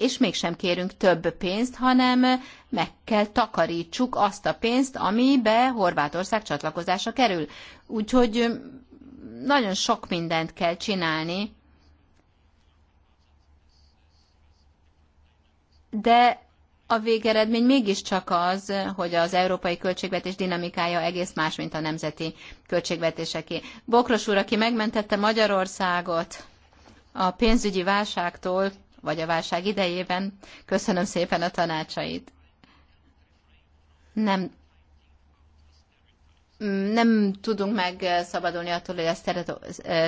és mégsem kérünk több pénzt, hanem meg kell takarítsuk azt a pénzt, amibe Horvátország csatlakozása kerül. Úgyhogy nagyon sok mindent kell csinálni, de a végeredmény mégiscsak az, hogy az európai költségvetés dinamikája egész más, mint a nemzeti költségvetéseké. Bokros úr, aki megmentette Magyarországot a pénzügyi válságtól, vagy a válság idejében. Köszönöm szépen a tanácsait. Nem, nem tudunk megszabadulni attól, hogy a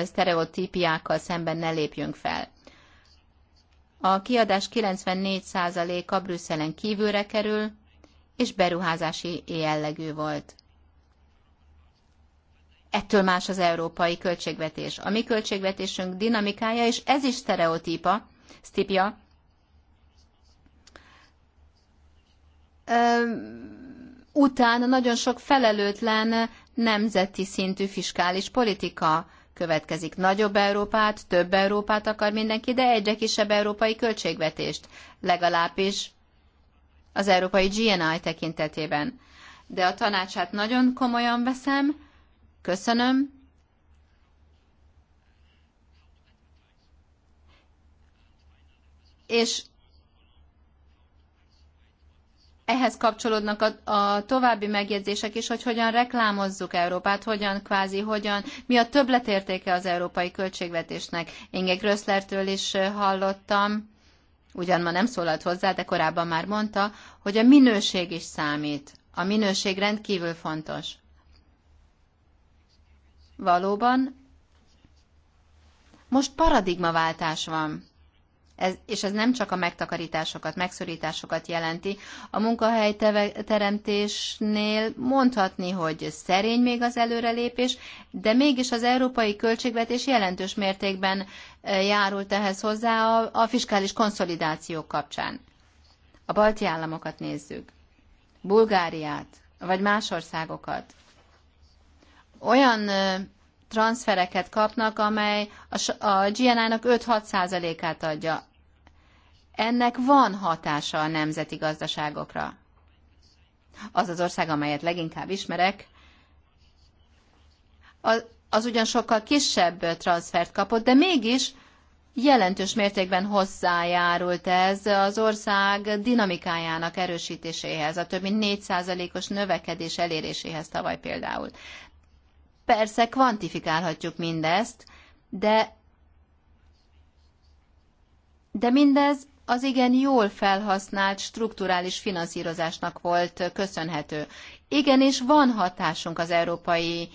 sztereotípiákkal szemben ne lépjünk fel. A kiadás 94%-a Brüsszelen kívülre kerül, és beruházási jellegű volt. Ettől más az európai költségvetés. A mi költségvetésünk dinamikája, és ez is sztereotípa, Stipia. Utána nagyon sok felelőtlen nemzeti szintű fiskális politika következik. Nagyobb Európát, több Európát akar mindenki, de egyre kisebb európai költségvetést, legalábbis az európai GNI tekintetében. De a tanácsát nagyon komolyan veszem, köszönöm, és ehhez kapcsolódnak a, a további megjegyzések is, hogy hogyan reklámozzuk Európát, hogyan kvázi, hogyan, mi a többletértéke az európai költségvetésnek. Inge Grösslertől is hallottam, ugyan ma nem szólalt hozzá, de korábban már mondta, hogy a minőség is számít. A minőség rendkívül fontos. Valóban, most paradigmaváltás van ez, és ez nem csak a megtakarításokat, megszorításokat jelenti. A munkahely teremtésnél mondhatni, hogy szerény még az előrelépés, de mégis az európai költségvetés jelentős mértékben eh, járult ehhez hozzá a, a fiskális konszolidáció kapcsán. A balti államokat nézzük, Bulgáriát, vagy más országokat. Olyan eh, transfereket kapnak, amely a GNI-nak 5-6 százalékát adja. Ennek van hatása a nemzeti gazdaságokra. Az az ország, amelyet leginkább ismerek, az, az ugyan sokkal kisebb transfert kapott, de mégis jelentős mértékben hozzájárult ez az ország dinamikájának erősítéséhez, a több mint 4%-os növekedés eléréséhez tavaly például. Persze kvantifikálhatjuk mindezt, de de mindez az igen jól felhasznált strukturális finanszírozásnak volt köszönhető. Igen, és van hatásunk az európai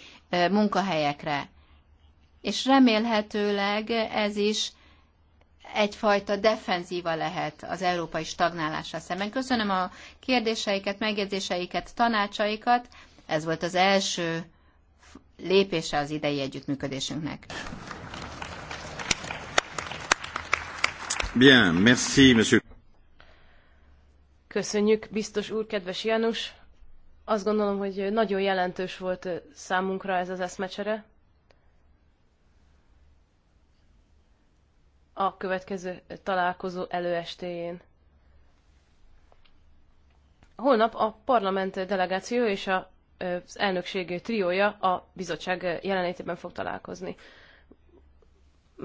munkahelyekre. És remélhetőleg ez is egyfajta defenzíva lehet az európai stagnálással szemben. Köszönöm a kérdéseiket, megjegyzéseiket, tanácsaikat. Ez volt az első lépése az idei együttműködésünknek. Köszönjük, biztos úr, kedves janus, Azt gondolom, hogy nagyon jelentős volt számunkra ez az eszmecsere. A következő találkozó előestéjén. Holnap a parlament delegáció és az elnökség triója a bizottság jelenlétében fog találkozni.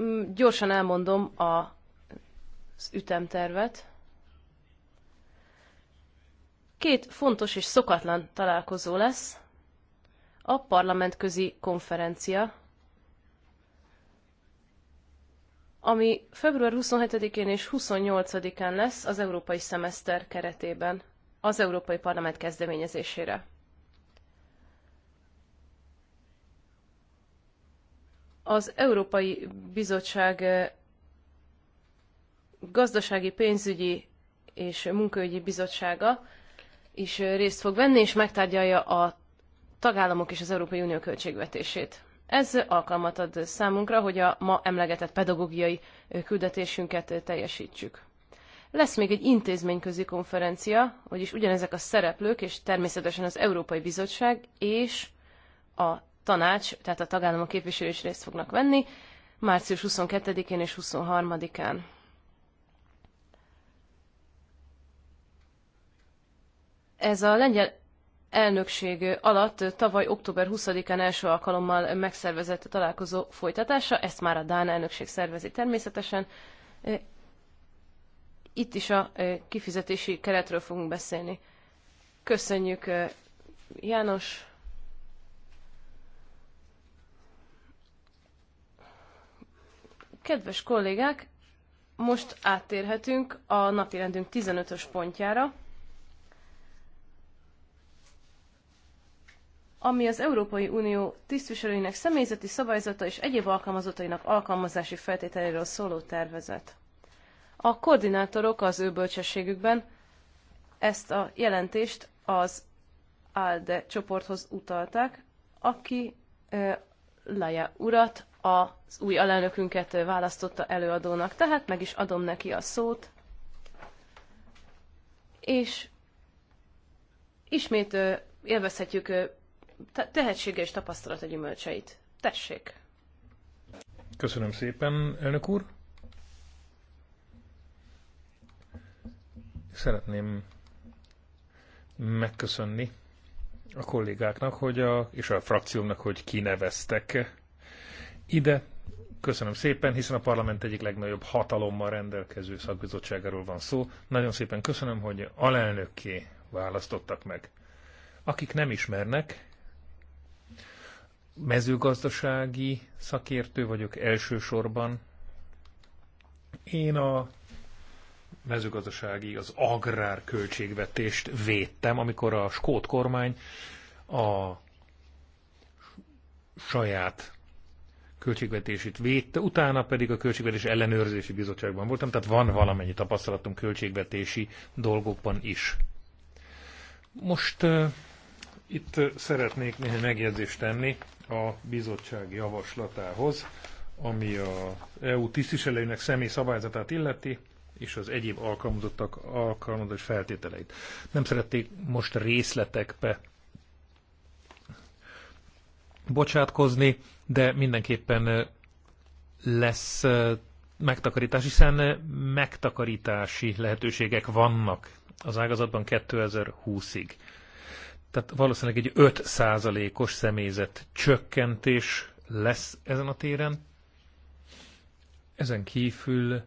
Mm, gyorsan elmondom a az ütemtervet. Két fontos és szokatlan találkozó lesz. A parlamentközi konferencia, ami február 27-én és 28-án lesz az európai szemeszter keretében, az Európai Parlament kezdeményezésére. Az Európai Bizottság gazdasági, pénzügyi és munkaügyi bizottsága is részt fog venni, és megtárgyalja a tagállamok és az Európai Unió költségvetését. Ez alkalmat ad számunkra, hogy a ma emlegetett pedagógiai küldetésünket teljesítsük. Lesz még egy intézményközi konferencia, vagyis ugyanezek a szereplők, és természetesen az Európai Bizottság és a tanács, tehát a tagállamok képviselő is részt fognak venni, március 22-én és 23-án. Ez a lengyel elnökség alatt tavaly október 20-án első alkalommal megszervezett találkozó folytatása, ezt már a Dán elnökség szervezi természetesen. E, itt is a e, kifizetési keretről fogunk beszélni. Köszönjük, e, János! Kedves kollégák, most áttérhetünk a napirendünk 15-ös pontjára. ami az Európai Unió tisztviselőinek személyzeti szabályzata és egyéb alkalmazottainak alkalmazási feltételéről szóló tervezet. A koordinátorok az ő bölcsességükben ezt a jelentést az ALDE csoporthoz utalták, aki e, Laja urat, az új alelnökünket választotta előadónak, tehát meg is adom neki a szót. És ismét élvezhetjük tehetsége és tapasztalata gyümölcseit. Tessék! Köszönöm szépen, elnök úr! Szeretném megköszönni a kollégáknak hogy a, és a frakciómnak, hogy kineveztek ide. Köszönöm szépen, hiszen a parlament egyik legnagyobb hatalommal rendelkező szakbizottságáról van szó. Nagyon szépen köszönöm, hogy alelnökké választottak meg. Akik nem ismernek, mezőgazdasági szakértő vagyok elsősorban. Én a mezőgazdasági, az agrár költségvetést védtem, amikor a skót kormány a saját költségvetését védte, utána pedig a Költségvetés Ellenőrzési Bizottságban voltam, tehát van valamennyi tapasztalatom költségvetési dolgokban is. Most uh, itt szeretnék néhány megjegyzést tenni a bizottság javaslatához, ami a EU tisztviselőinek személy szabályzatát illeti, és az egyéb alkalmazottak alkalmazott feltételeit. Nem szerették most részletekbe bocsátkozni, de mindenképpen lesz megtakarítás, hiszen megtakarítási lehetőségek vannak az ágazatban 2020-ig. Tehát valószínűleg egy 5%-os személyzet csökkentés lesz ezen a téren. Ezen kívül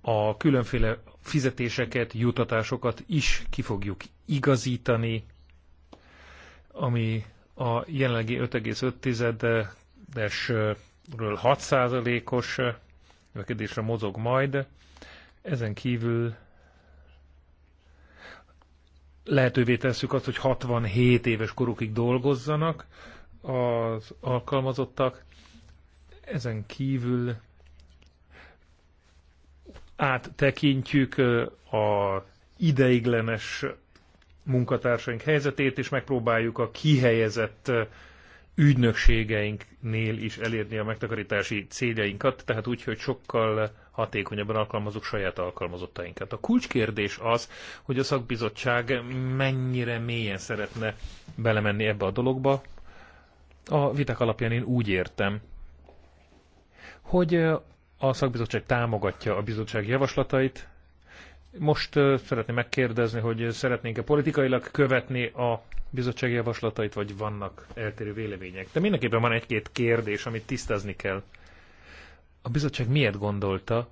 a különféle fizetéseket, jutatásokat is ki fogjuk igazítani, ami a jelenlegi 55 esről 6%-os növekedésre mozog majd. Ezen kívül lehetővé tesszük azt, hogy 67 éves korukig dolgozzanak az alkalmazottak. Ezen kívül áttekintjük a ideiglenes munkatársaink helyzetét, és megpróbáljuk a kihelyezett ügynökségeinknél is elérni a megtakarítási céljainkat, tehát úgy, hogy sokkal hatékonyabban alkalmazzuk saját alkalmazottainkat. A kulcskérdés az, hogy a szakbizottság mennyire mélyen szeretne belemenni ebbe a dologba. A viták alapján én úgy értem, hogy a szakbizottság támogatja a bizottság javaslatait. Most szeretném megkérdezni, hogy szeretnénk-e politikailag követni a bizottság javaslatait, vagy vannak eltérő vélemények. De mindenképpen van egy-két kérdés, amit tisztázni kell a bizottság miért gondolta,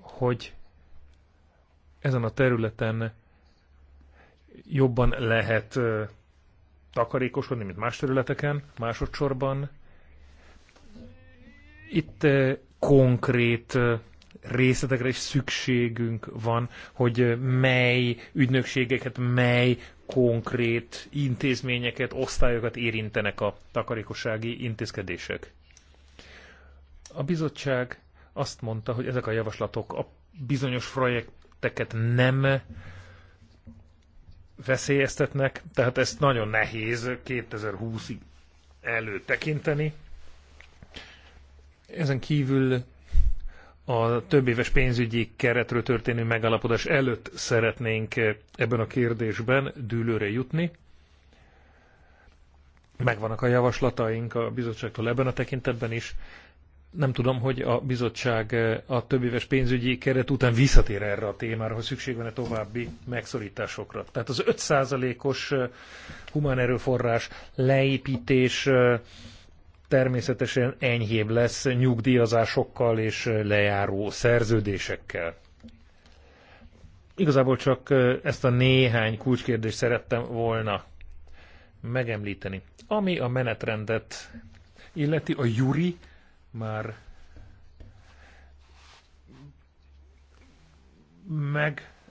hogy ezen a területen jobban lehet takarékosodni, mint más területeken, másodszorban. Itt konkrét részletekre is szükségünk van, hogy mely ügynökségeket, mely konkrét intézményeket, osztályokat érintenek a takarékossági intézkedések. A bizottság azt mondta, hogy ezek a javaslatok a bizonyos projekteket nem veszélyeztetnek, tehát ezt nagyon nehéz 2020-ig előtekinteni. Ezen kívül a több éves pénzügyi keretről történő megalapodás előtt szeretnénk ebben a kérdésben dűlőre jutni. Megvannak a javaslataink a bizottságtól ebben a tekintetben is, nem tudom, hogy a bizottság eh, a éves pénzügyi keret után visszatér erre a témára, hogy szükség van-e további megszorításokra. Tehát az 5%-os eh, humán erőforrás leépítés eh, természetesen enyhébb lesz nyugdíjazásokkal és lejáró szerződésekkel. Igazából csak ezt a néhány kulcskérdést szerettem volna megemlíteni. Ami a menetrendet illeti, a Juri már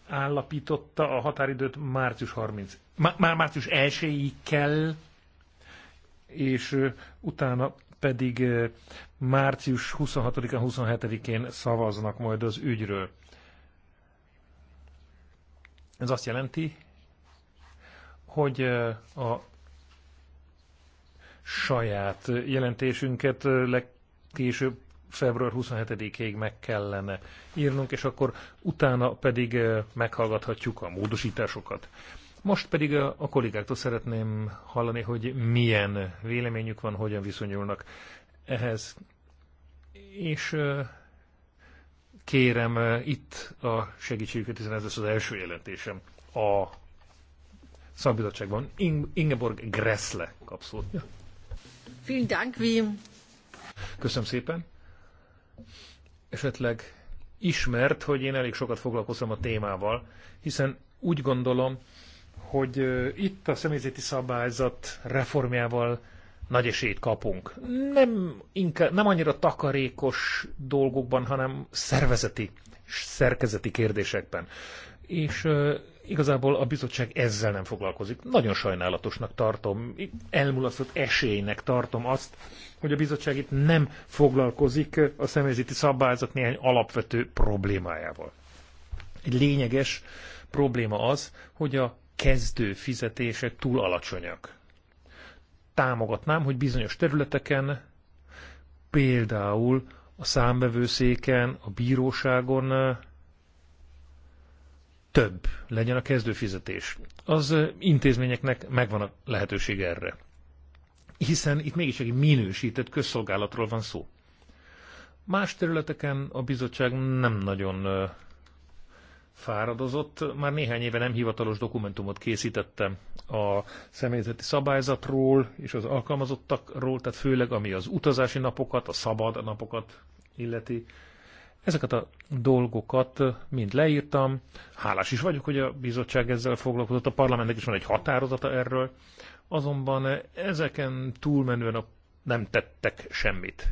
megállapította a határidőt március 30. Már március 1-ig kell, és utána pedig március 26-án, 27-én szavaznak majd az ügyről. Ez azt jelenti, hogy a saját jelentésünket leg később február 27-ig meg kellene írnunk, és akkor utána pedig meghallgathatjuk a módosításokat. Most pedig a kollégáktól szeretném hallani, hogy milyen véleményük van, hogyan viszonyulnak ehhez. És kérem itt a segítségüket, hiszen ez lesz az első jelentésem a szakbizottságban. Ingeborg Gressle kapszót. Vielen Dank, wie Köszönöm szépen. Esetleg ismert, hogy én elég sokat foglalkozom a témával, hiszen úgy gondolom, hogy itt a személyzeti szabályzat reformjával nagy esélyt kapunk. Nem, inkább, nem annyira takarékos dolgokban, hanem szervezeti, szerkezeti kérdésekben. És Igazából a bizottság ezzel nem foglalkozik. Nagyon sajnálatosnak tartom, elmulasztott esélynek tartom azt, hogy a bizottság itt nem foglalkozik a személyzeti szabályzat néhány alapvető problémájával. Egy lényeges probléma az, hogy a kezdő fizetések túl alacsonyak. Támogatnám, hogy bizonyos területeken, például a számbevőszéken, a bíróságon több legyen a kezdőfizetés. Az intézményeknek megvan a lehetőség erre. Hiszen itt mégis egy minősített közszolgálatról van szó. Más területeken a bizottság nem nagyon fáradozott. Már néhány éve nem hivatalos dokumentumot készítettem a személyzeti szabályzatról és az alkalmazottakról, tehát főleg ami az utazási napokat, a szabad napokat illeti. Ezeket a dolgokat mind leírtam. Hálás is vagyok, hogy a bizottság ezzel foglalkozott. A parlamentnek is van egy határozata erről. Azonban ezeken túlmenően a nem tettek semmit.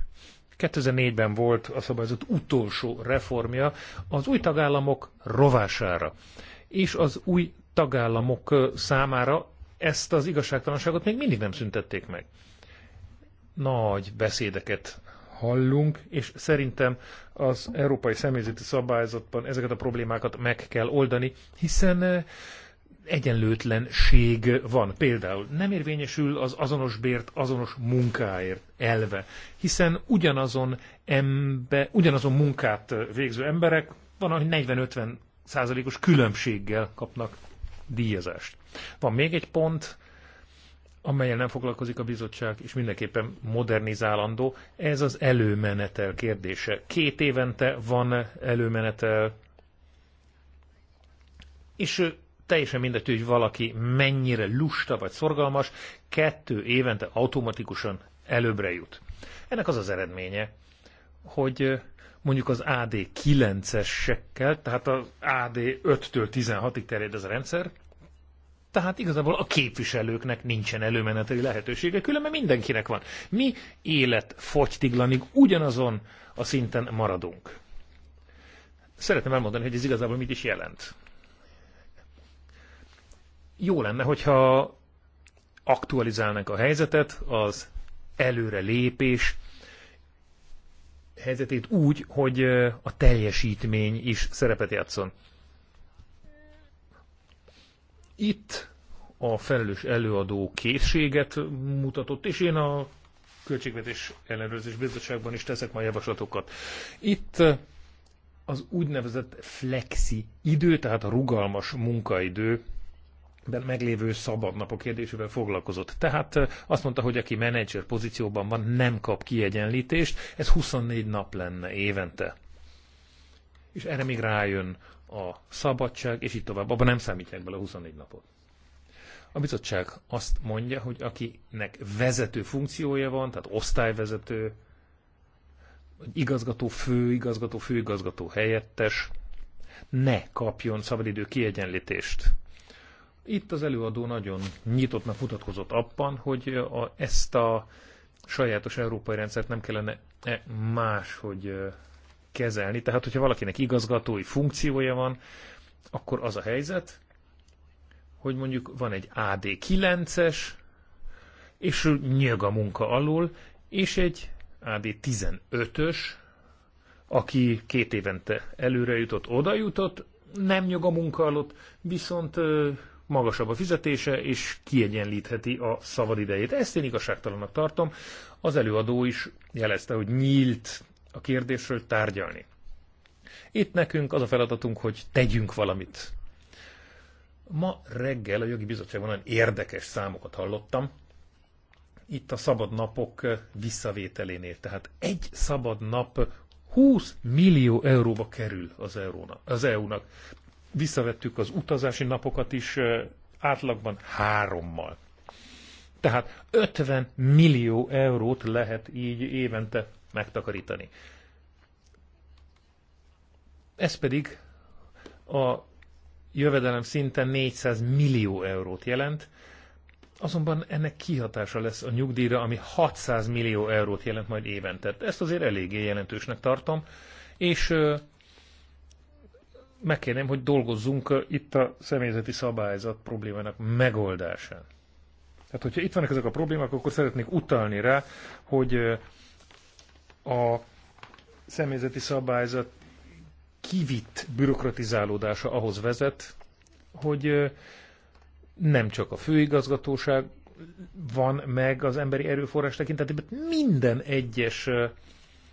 2004-ben volt a szabályozott utolsó reformja az új tagállamok rovására, és az új tagállamok számára ezt az igazságtalanságot még mindig nem szüntették meg. Nagy beszédeket hallunk, és szerintem az európai személyzeti szabályzatban ezeket a problémákat meg kell oldani, hiszen eh, egyenlőtlenség van. Például nem érvényesül az azonos bért azonos munkáért elve, hiszen ugyanazon, embe, ugyanazon munkát eh, végző emberek van, hogy 40-50 százalékos különbséggel kapnak díjazást. Van még egy pont, amelyen nem foglalkozik a bizottság, és mindenképpen modernizálandó, ez az előmenetel kérdése. Két évente van előmenetel, és teljesen mindegy, hogy valaki mennyire lusta vagy szorgalmas, kettő évente automatikusan előbbre jut. Ennek az az eredménye, hogy mondjuk az AD 9-esekkel, tehát az AD 5-től 16-ig terjed ez a rendszer, tehát igazából a képviselőknek nincsen előmeneteli lehetősége, különben mindenkinek van. Mi élet fogytiglanig ugyanazon a szinten maradunk. Szeretném elmondani, hogy ez igazából mit is jelent. Jó lenne, hogyha aktualizálnak a helyzetet, az előre lépés helyzetét úgy, hogy a teljesítmény is szerepet játszon. Itt a felelős előadó készséget mutatott, és én a Költségvetés Ellenőrzés Bizottságban is teszek majd javaslatokat. Itt az úgynevezett flexi idő, tehát a rugalmas munkaidő, de meglévő szabadnapok kérdésével foglalkozott. Tehát azt mondta, hogy aki menedzser pozícióban van, nem kap kiegyenlítést, ez 24 nap lenne évente. És erre még rájön a szabadság, és így tovább. Abban nem számítják bele a 24 napot. A bizottság azt mondja, hogy akinek vezető funkciója van, tehát osztályvezető, igazgató, fő, igazgató, főigazgató helyettes, ne kapjon szabadidő kiegyenlítést. Itt az előadó nagyon nyitottnak mutatkozott abban, hogy a, ezt a sajátos európai rendszert nem kellene -e máshogy kezelni. Tehát, hogyha valakinek igazgatói funkciója van, akkor az a helyzet, hogy mondjuk van egy AD9-es, és ő nyög a munka alól, és egy AD15-ös, aki két évente előre jutott, oda jutott, nem nyög a munka alatt, viszont magasabb a fizetése, és kiegyenlítheti a szabadidejét. Ezt én igazságtalannak tartom. Az előadó is jelezte, hogy nyílt a kérdésről tárgyalni. Itt nekünk az a feladatunk, hogy tegyünk valamit. Ma reggel a jogi bizottságban olyan érdekes számokat hallottam. Itt a szabad napok visszavételénél. Tehát egy szabad nap 20 millió euróba kerül az, eurónak, az EU-nak. Visszavettük az utazási napokat is átlagban hárommal. Tehát 50 millió eurót lehet így évente megtakarítani. Ez pedig a jövedelem szinten 400 millió eurót jelent, azonban ennek kihatása lesz a nyugdíjra, ami 600 millió eurót jelent majd évente. Ezt azért eléggé jelentősnek tartom, és megkérném, hogy dolgozzunk itt a személyzeti szabályzat problémának megoldásán. Tehát, hogyha itt vannak ezek a problémák, akkor szeretnék utalni rá, hogy a személyzeti szabályzat kivitt bürokratizálódása ahhoz vezet, hogy nem csak a főigazgatóság van meg az emberi erőforrás tekintetében, minden egyes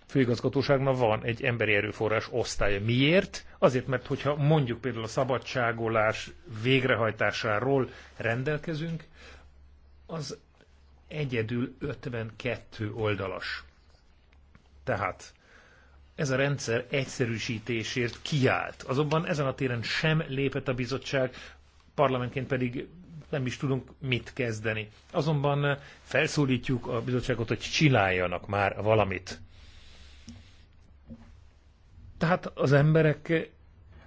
főigazgatóságnak van egy emberi erőforrás osztálya. Miért? Azért, mert hogyha mondjuk például a szabadságolás végrehajtásáról rendelkezünk, az egyedül 52 oldalas. Tehát ez a rendszer egyszerűsítésért kiállt. Azonban ezen a téren sem lépett a bizottság, parlamentként pedig nem is tudunk mit kezdeni. Azonban felszólítjuk a bizottságot, hogy csináljanak már valamit. Tehát az emberek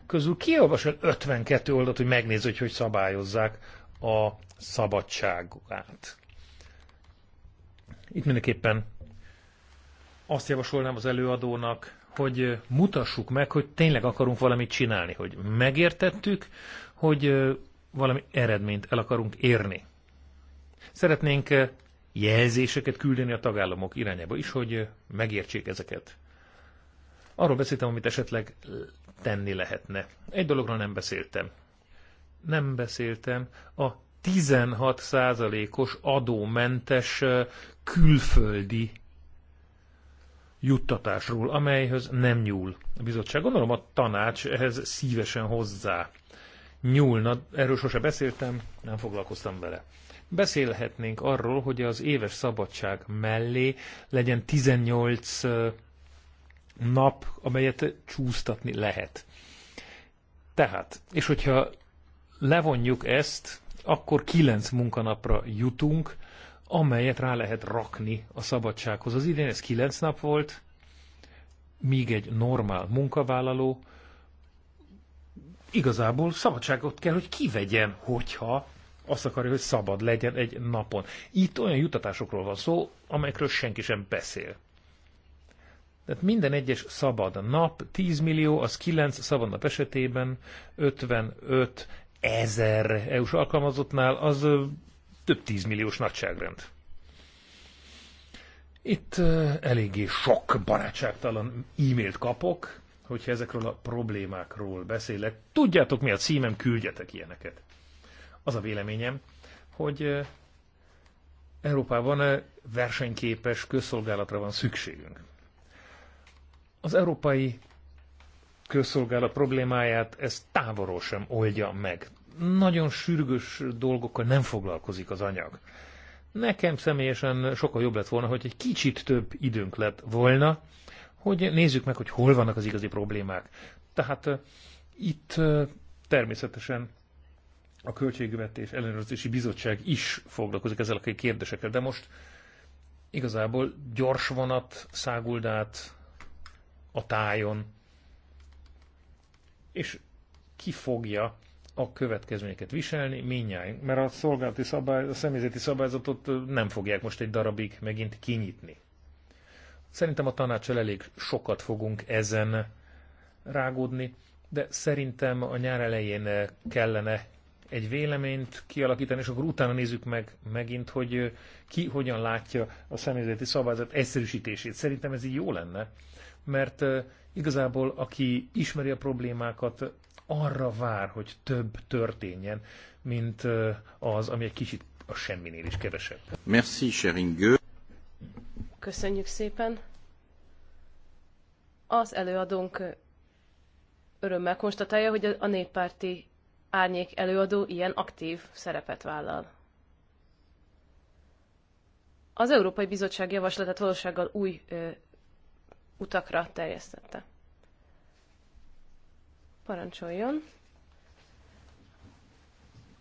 közül kiolvasol 52 oldalt, hogy megnézze, hogy hogy szabályozzák a szabadságát. Itt mindenképpen azt javasolnám az előadónak, hogy mutassuk meg, hogy tényleg akarunk valamit csinálni, hogy megértettük, hogy valami eredményt el akarunk érni. Szeretnénk jelzéseket küldeni a tagállamok irányába is, hogy megértsék ezeket. Arról beszéltem, amit esetleg tenni lehetne. Egy dologról nem beszéltem. Nem beszéltem a 16 százalékos adómentes külföldi juttatásról, amelyhez nem nyúl a bizottság. Gondolom a tanács ehhez szívesen hozzá nyúlna, erről sose beszéltem, nem foglalkoztam vele. Beszélhetnénk arról, hogy az éves szabadság mellé legyen 18 nap, amelyet csúsztatni lehet. Tehát, és hogyha levonjuk ezt, akkor 9 munkanapra jutunk, amelyet rá lehet rakni a szabadsághoz. Az idén ez 9 nap volt, míg egy normál munkavállaló igazából szabadságot kell, hogy kivegyen, hogyha azt akarja, hogy szabad legyen egy napon. Itt olyan jutatásokról van szó, amelyekről senki sem beszél. Tehát minden egyes szabad nap, 10 millió, az 9 szabad nap esetében 55 ezer EU-s alkalmazottnál az több tízmilliós nagyságrend. Itt eléggé sok barátságtalan e-mailt kapok, hogyha ezekről a problémákról beszélek. Tudjátok mi a címem, küldjetek ilyeneket. Az a véleményem, hogy Európában versenyképes közszolgálatra van szükségünk. Az európai közszolgálat problémáját ez távolról sem oldja meg nagyon sürgős dolgokkal nem foglalkozik az anyag. Nekem személyesen sokkal jobb lett volna, hogy egy kicsit több időnk lett volna, hogy nézzük meg, hogy hol vannak az igazi problémák. Tehát uh, itt uh, természetesen a Költségvetés Ellenőrzési Bizottság is foglalkozik ezzel a kérdésekkel, de most igazából gyors vonat száguld át a tájon, és ki fogja a következményeket viselni, minnyájunk, mert a szolgálati szabály, a személyzeti szabályzatot nem fogják most egy darabig megint kinyitni. Szerintem a tanács elég sokat fogunk ezen rágódni, de szerintem a nyár elején kellene egy véleményt kialakítani, és akkor utána nézzük meg megint, hogy ki hogyan látja a személyzeti szabályzat egyszerűsítését. Szerintem ez így jó lenne, mert igazából aki ismeri a problémákat, arra vár, hogy több történjen, mint az, ami egy kicsit a semminél is kevesebb. Merci, Scheringő. Köszönjük szépen. Az előadónk örömmel konstatálja, hogy a néppárti árnyék előadó ilyen aktív szerepet vállal. Az Európai Bizottság javaslatát valósággal új ö, utakra terjesztette. Parancsoljon.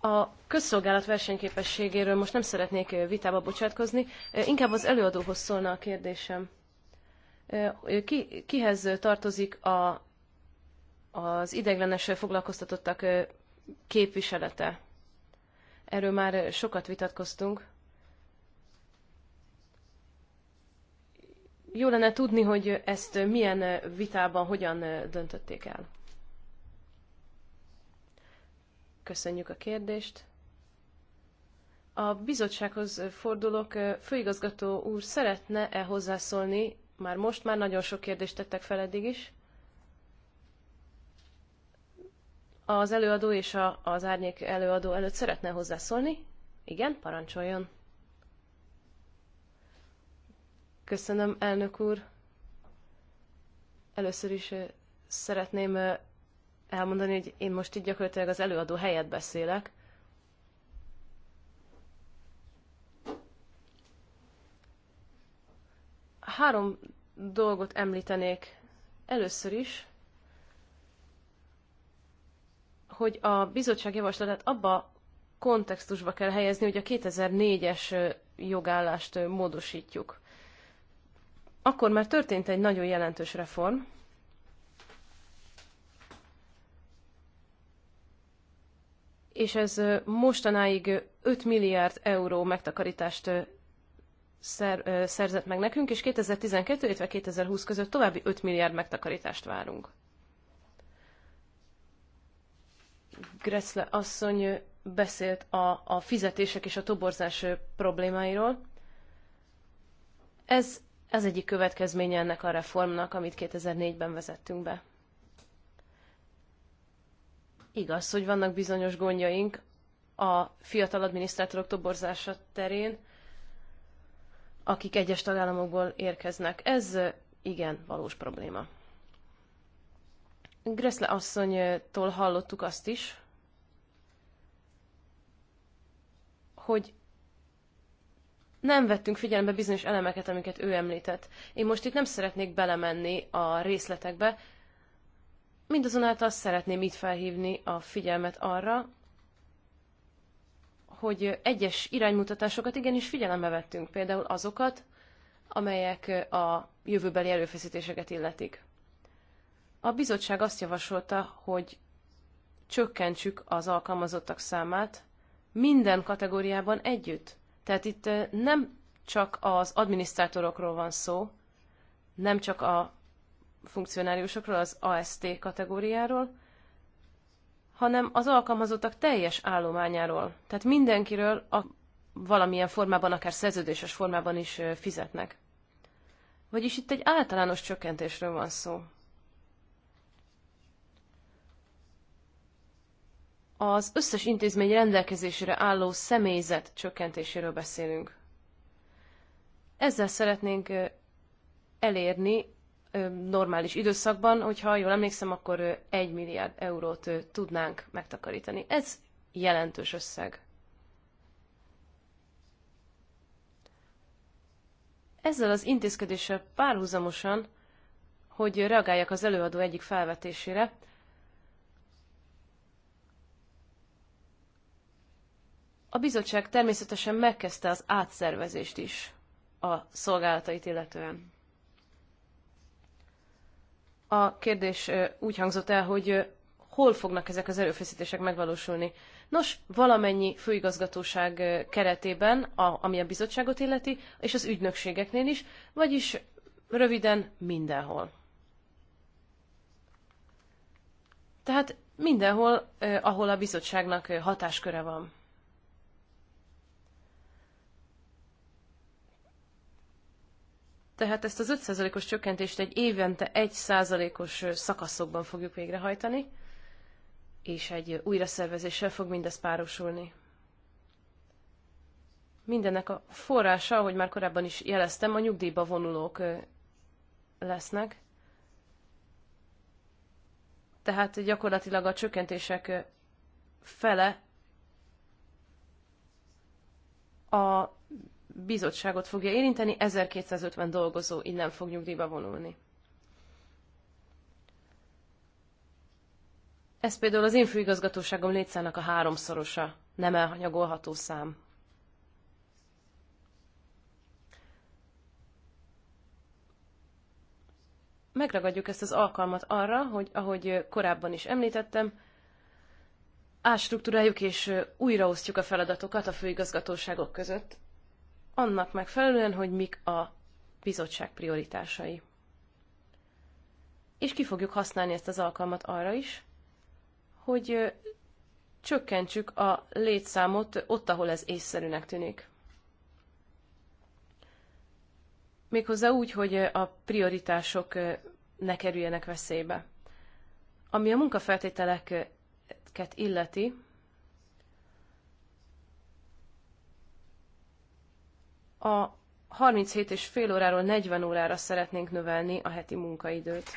A közszolgálat versenyképességéről most nem szeretnék vitába bocsátkozni, inkább az előadóhoz szólna a kérdésem. Ki, kihez tartozik a, az ideiglenes foglalkoztatottak képviselete? Erről már sokat vitatkoztunk. Jó lenne tudni, hogy ezt milyen vitában hogyan döntötték el. Köszönjük a kérdést. A bizottsághoz fordulok. Főigazgató úr szeretne-e hozzászólni? Már most már nagyon sok kérdést tettek fel eddig is. Az előadó és a, az árnyék előadó előtt szeretne hozzászólni? Igen, parancsoljon. Köszönöm, elnök úr. Először is eh, szeretném eh, elmondani, hogy én most itt gyakorlatilag az előadó helyett beszélek. Három dolgot említenék. Először is, hogy a bizottság javaslatát abba kontextusba kell helyezni, hogy a 2004-es jogállást módosítjuk. Akkor már történt egy nagyon jelentős reform, és ez mostanáig 5 milliárd euró megtakarítást szer, szerzett meg nekünk, és 2012, illetve 2020 között további 5 milliárd megtakarítást várunk. Gressle asszony beszélt a, a fizetések és a toborzás problémáiról. Ez, ez egyik következménye ennek a reformnak, amit 2004-ben vezettünk be. Igaz, hogy vannak bizonyos gondjaink a fiatal adminisztrátorok toborzása terén, akik egyes tagállamokból érkeznek. Ez igen, valós probléma. Gressle asszonytól hallottuk azt is, hogy nem vettünk figyelembe bizonyos elemeket, amiket ő említett. Én most itt nem szeretnék belemenni a részletekbe, Mindazonáltal szeretném itt felhívni a figyelmet arra, hogy egyes iránymutatásokat igenis figyelembe vettünk, például azokat, amelyek a jövőbeli erőfeszítéseket illetik. A bizottság azt javasolta, hogy csökkentsük az alkalmazottak számát minden kategóriában együtt. Tehát itt nem csak az adminisztrátorokról van szó, nem csak a funkcionáriusokról, az AST kategóriáról, hanem az alkalmazottak teljes állományáról. Tehát mindenkiről a, valamilyen formában, akár szerződéses formában is fizetnek. Vagyis itt egy általános csökkentésről van szó. Az összes intézmény rendelkezésére álló személyzet csökkentéséről beszélünk. Ezzel szeretnénk elérni normális időszakban, hogyha jól emlékszem, akkor 1 milliárd eurót tudnánk megtakarítani. Ez jelentős összeg. Ezzel az intézkedéssel párhuzamosan, hogy reagáljak az előadó egyik felvetésére, a bizottság természetesen megkezdte az átszervezést is a szolgálatait illetően a kérdés úgy hangzott el, hogy hol fognak ezek az erőfeszítések megvalósulni. Nos, valamennyi főigazgatóság keretében, a, ami a bizottságot illeti, és az ügynökségeknél is, vagyis röviden mindenhol. Tehát mindenhol, ahol a bizottságnak hatásköre van. Tehát ezt az 5%-os csökkentést egy évente 1%-os szakaszokban fogjuk végrehajtani, és egy szervezéssel fog mindez párosulni. Mindennek a forrása, ahogy már korábban is jeleztem, a nyugdíjba vonulók lesznek. Tehát gyakorlatilag a csökkentések fele a bizottságot fogja érinteni, 1250 dolgozó innen fog nyugdíjba vonulni. Ez például az én főigazgatóságom létszának a háromszorosa, nem elhanyagolható szám. Megragadjuk ezt az alkalmat arra, hogy ahogy korábban is említettem, átstruktúráljuk és újraosztjuk a feladatokat a főigazgatóságok között, annak megfelelően, hogy mik a bizottság prioritásai. És ki fogjuk használni ezt az alkalmat arra is, hogy csökkentsük a létszámot ott, ahol ez észszerűnek tűnik. Méghozzá úgy, hogy a prioritások ne kerüljenek veszélybe. Ami a munkafeltételeket illeti, a 37 és fél óráról 40 órára szeretnénk növelni a heti munkaidőt.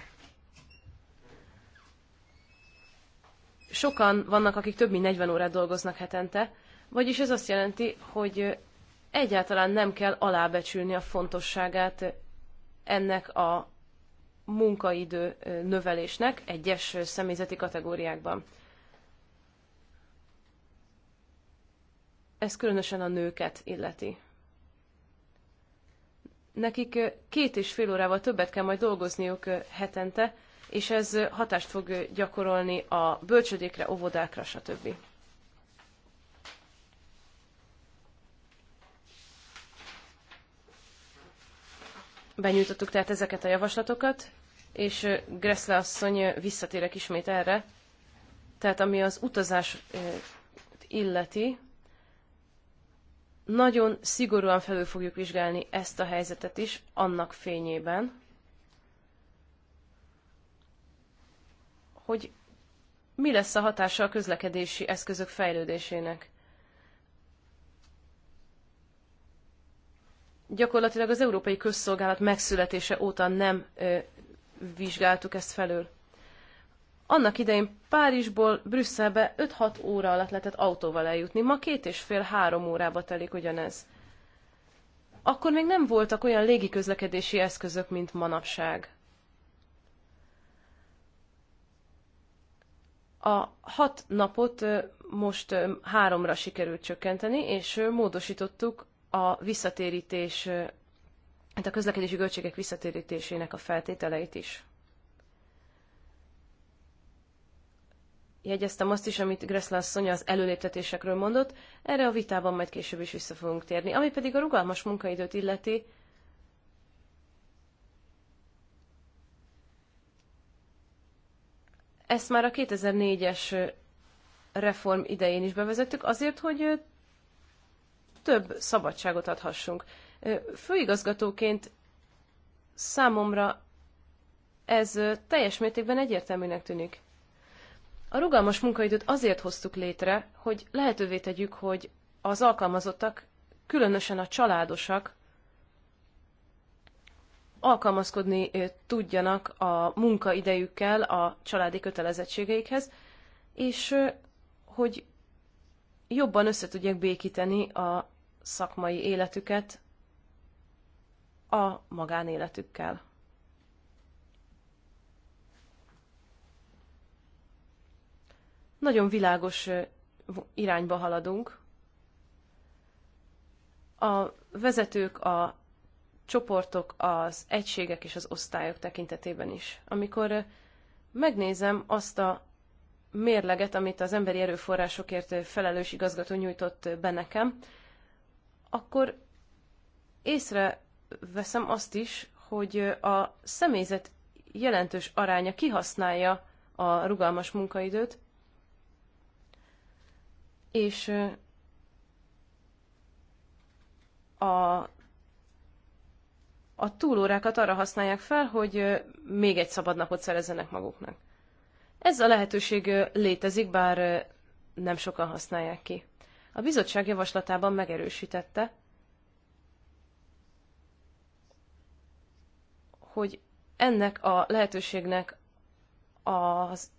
Sokan vannak, akik több mint 40 órát dolgoznak hetente, vagyis ez azt jelenti, hogy egyáltalán nem kell alábecsülni a fontosságát ennek a munkaidő növelésnek egyes személyzeti kategóriákban. Ez különösen a nőket illeti nekik két és fél órával többet kell majd dolgozniuk hetente, és ez hatást fog gyakorolni a bölcsödékre, óvodákra, stb. Benyújtottuk tehát ezeket a javaslatokat, és Gressle asszony visszatérek ismét erre. Tehát ami az utazás illeti, nagyon szigorúan felül fogjuk vizsgálni ezt a helyzetet is, annak fényében, hogy mi lesz a hatása a közlekedési eszközök fejlődésének. Gyakorlatilag az Európai Közszolgálat megszületése óta nem ö, vizsgáltuk ezt felül. Annak idején Párizsból Brüsszelbe 5-6 óra alatt lehetett autóval eljutni, ma két és fél-három órába telik ugyanez. Akkor még nem voltak olyan légiközlekedési eszközök, mint manapság. A hat napot most háromra sikerült csökkenteni, és módosítottuk a visszatérítés, hát a közlekedési költségek visszatérítésének a feltételeit is. jegyeztem azt is, amit Gressler asszony az előléptetésekről mondott, erre a vitában majd később is vissza fogunk térni. Ami pedig a rugalmas munkaidőt illeti, ezt már a 2004-es reform idején is bevezettük, azért, hogy több szabadságot adhassunk. Főigazgatóként számomra ez teljes mértékben egyértelműnek tűnik. A rugalmas munkaidőt azért hoztuk létre, hogy lehetővé tegyük, hogy az alkalmazottak, különösen a családosak alkalmazkodni tudjanak a munkaidejükkel a családi kötelezettségeikhez, és hogy jobban össze tudják békíteni a szakmai életüket a magánéletükkel. Nagyon világos irányba haladunk. A vezetők, a csoportok, az egységek és az osztályok tekintetében is. Amikor megnézem azt a mérleget, amit az emberi erőforrásokért felelős igazgató nyújtott be nekem, akkor észreveszem azt is, hogy a személyzet jelentős aránya kihasználja a rugalmas munkaidőt, és a, a túlórákat arra használják fel, hogy még egy szabad napot szerezzenek maguknak. Ez a lehetőség létezik, bár nem sokan használják ki. A bizottság javaslatában megerősítette, hogy ennek a lehetőségnek az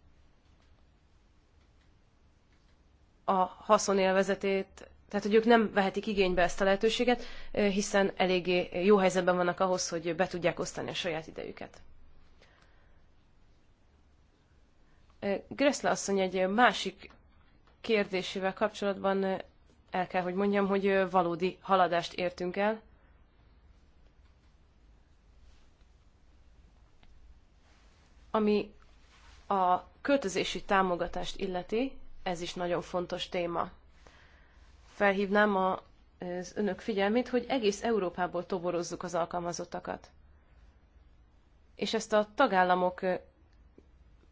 a haszonélvezetét, tehát hogy ők nem vehetik igénybe ezt a lehetőséget, hiszen eléggé jó helyzetben vannak ahhoz, hogy be tudják osztani a saját idejüket. Greszle asszony egy másik kérdésével kapcsolatban el kell, hogy mondjam, hogy valódi haladást értünk el. Ami a költözési támogatást illeti, ez is nagyon fontos téma. Felhívnám a, az önök figyelmét, hogy egész Európából toborozzuk az alkalmazottakat. És ezt a tagállamok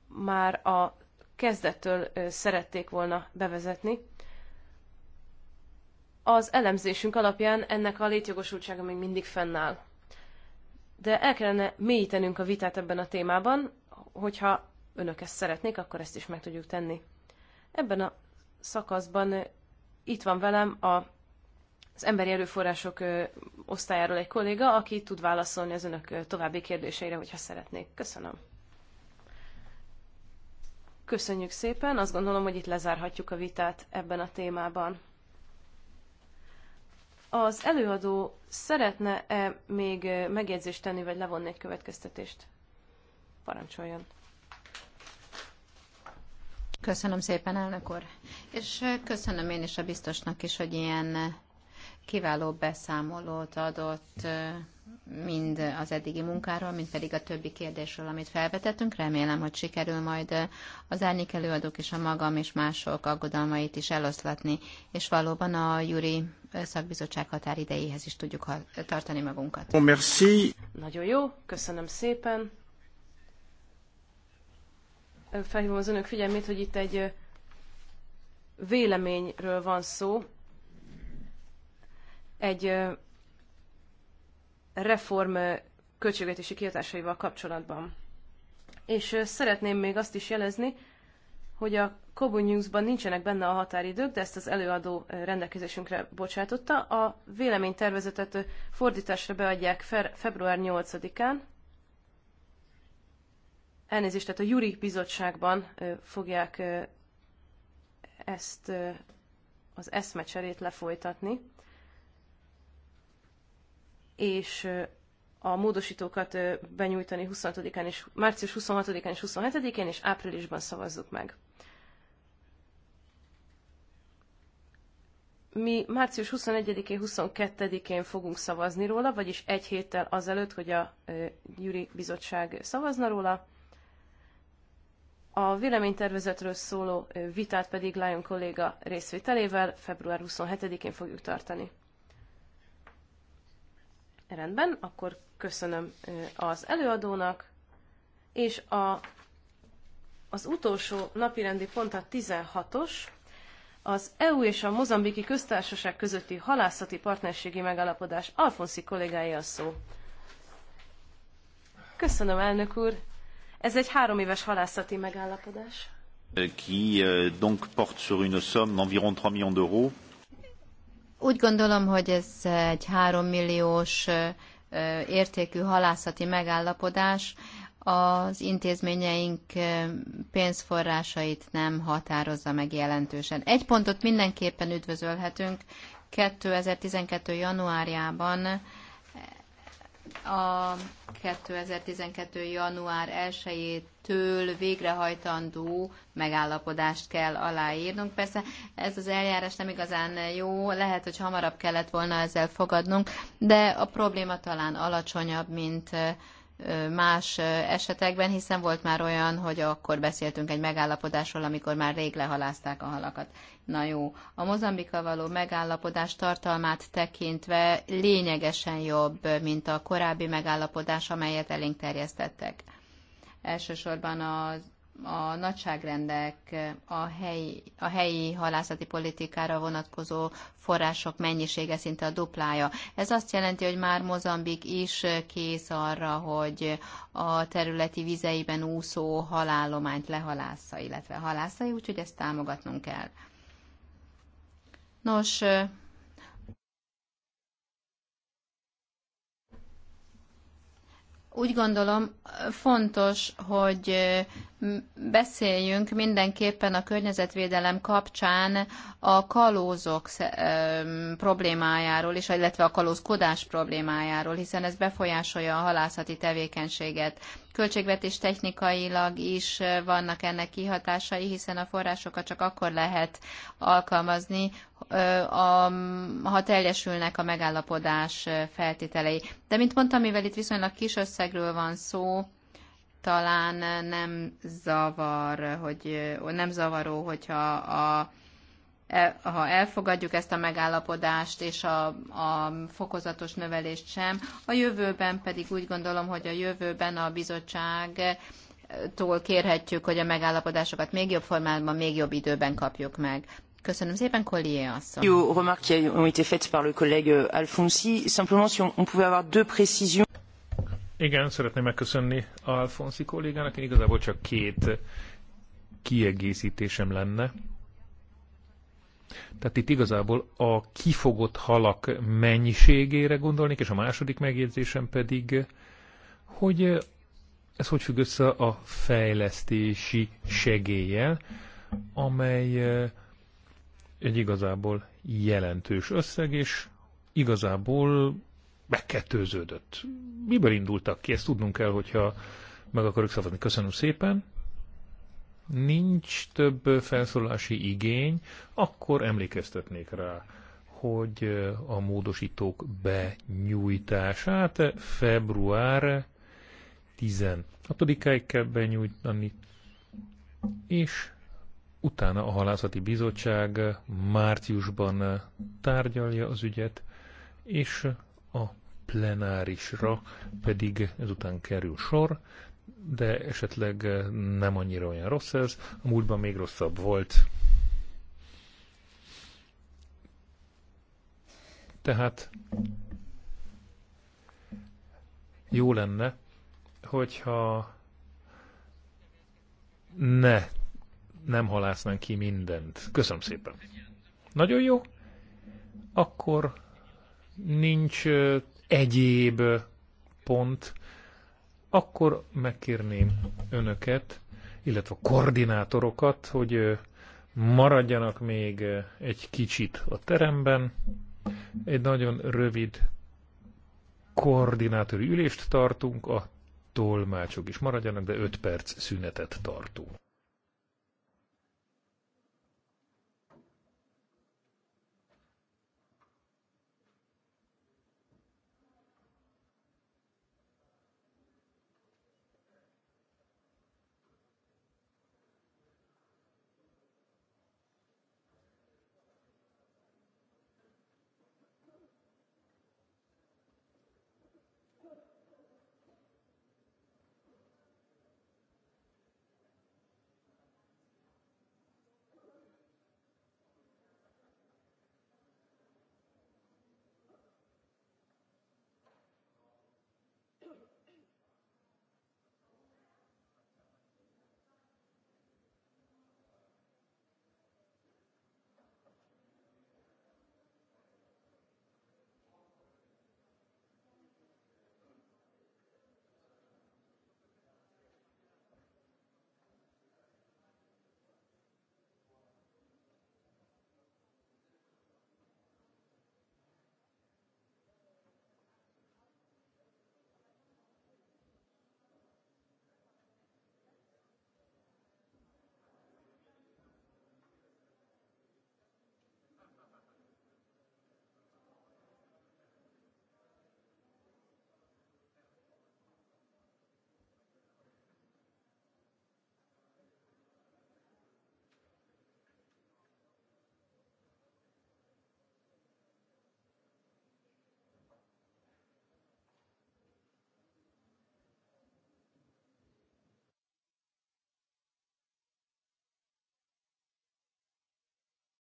már a kezdettől szerették volna bevezetni. Az elemzésünk alapján ennek a létjogosultsága még mindig fennáll. De el kellene mélyítenünk a vitát ebben a témában, hogyha önök ezt szeretnék, akkor ezt is meg tudjuk tenni. Ebben a szakaszban itt van velem a, az emberi erőforrások osztályáról egy kolléga, aki tud válaszolni az önök további kérdéseire, hogyha szeretnék. Köszönöm. Köszönjük szépen, azt gondolom, hogy itt lezárhatjuk a vitát ebben a témában. Az előadó szeretne -e még megjegyzést tenni, vagy levonni egy következtetést? Parancsoljon. Köszönöm szépen, elnök úr. És köszönöm én is a biztosnak is, hogy ilyen kiváló beszámolót adott mind az eddigi munkáról, mind pedig a többi kérdésről, amit felvetettünk. Remélem, hogy sikerül majd az árnyék előadók és a magam és mások aggodalmait is eloszlatni, és valóban a Juri szakbizottság határidejéhez is tudjuk tartani magunkat. Merci. Nagyon jó, köszönöm szépen felhívom az önök figyelmét, hogy itt egy véleményről van szó, egy reform költségvetési kiadásaival kapcsolatban. És szeretném még azt is jelezni, hogy a Kobo News-ban nincsenek benne a határidők, de ezt az előadó rendelkezésünkre bocsátotta. A véleménytervezetet fordításra beadják február 8-án, elnézést, tehát a Juri Bizottságban fogják ezt az eszmecserét lefolytatni, és a módosítókat benyújtani 26-án és, március 26-án és 27-én, és áprilisban szavazzuk meg. Mi március 21-én, 22-én fogunk szavazni róla, vagyis egy héttel azelőtt, hogy a Gyuri Bizottság szavazna róla, a véleménytervezetről szóló vitát pedig Lion kolléga részvételével február 27-én fogjuk tartani. Rendben, akkor köszönöm az előadónak, és a, az utolsó napirendi pont a 16-os, az EU és a Mozambiki Köztársaság közötti halászati partnerségi megállapodás. Alfonszi kollégája a szó. Köszönöm, elnök úr! Ez egy három éves halászati megállapodás. Ki donc porte sur une somme d'environ 3 millions d'euros. Úgy gondolom, hogy ez egy 3 milliós értékű halászati megállapodás az intézményeink pénzforrásait nem határozza meg jelentősen. Egy pontot mindenképpen üdvözölhetünk. 2012. januárjában a 2012. január 1-től végrehajtandó megállapodást kell aláírnunk. Persze ez az eljárás nem igazán jó, lehet, hogy hamarabb kellett volna ezzel fogadnunk, de a probléma talán alacsonyabb, mint más esetekben, hiszen volt már olyan, hogy akkor beszéltünk egy megállapodásról, amikor már rég lehalázták a halakat. Na jó, a Mozambika való megállapodás tartalmát tekintve lényegesen jobb, mint a korábbi megállapodás, amelyet elénk terjesztettek. Elsősorban az a nagyságrendek, a helyi, a helyi halászati politikára vonatkozó források mennyisége szinte a duplája. Ez azt jelenti, hogy már Mozambik is kész arra, hogy a területi vizeiben úszó halállományt lehalásza, illetve halásza, úgyhogy ezt támogatnunk kell. Nos, úgy gondolom fontos, hogy beszéljünk mindenképpen a környezetvédelem kapcsán a kalózok problémájáról, és illetve a kalózkodás problémájáról, hiszen ez befolyásolja a halászati tevékenységet. Költségvetés technikailag is vannak ennek kihatásai, hiszen a forrásokat csak akkor lehet alkalmazni, ha teljesülnek a megállapodás feltételei. De mint mondtam, mivel itt viszonylag kis összegről van szó, talán nem zavar, hogy nem zavaró, hogyha a, e, ha elfogadjuk ezt a megállapodást és a, a fokozatos növelést sem, a jövőben pedig úgy gondolom, hogy a jövőben a bizottság tól kérhetjük, hogy a megállapodásokat még jobb formában, még jobb időben kapjuk meg. Köszönöm szépen, Collier asszony. Jó remarques qui ont été faites par le collègue Alfonsi, simplement si on pouvait avoir deux précisions. Igen, szeretném megköszönni Alfonszi kollégának. Én igazából csak két kiegészítésem lenne. Tehát itt igazából a kifogott halak mennyiségére gondolnék, és a második megjegyzésem pedig, hogy ez hogy függ össze a fejlesztési segéllyel, amely eh, egy igazából jelentős összeg, és igazából megkettőződött. Miből indultak ki? Ezt tudnunk kell, hogyha meg akarjuk szavazni. Köszönöm szépen. Nincs több felszólási igény, akkor emlékeztetnék rá, hogy a módosítók benyújtását február 16-áig kell benyújtani, és utána a halászati bizottság márciusban tárgyalja az ügyet, és plenárisra pedig ezután kerül sor, de esetleg eh, nem annyira olyan rossz ez. A múltban még rosszabb volt. Tehát jó lenne, hogyha ne, nem halásznánk ki mindent. Köszönöm szépen. Nagyon jó. Akkor nincs eh, egyéb pont, akkor megkérném önöket, illetve a koordinátorokat, hogy maradjanak még egy kicsit a teremben. Egy nagyon rövid koordinátori ülést tartunk, a tolmácsok is maradjanak, de 5 perc szünetet tartunk.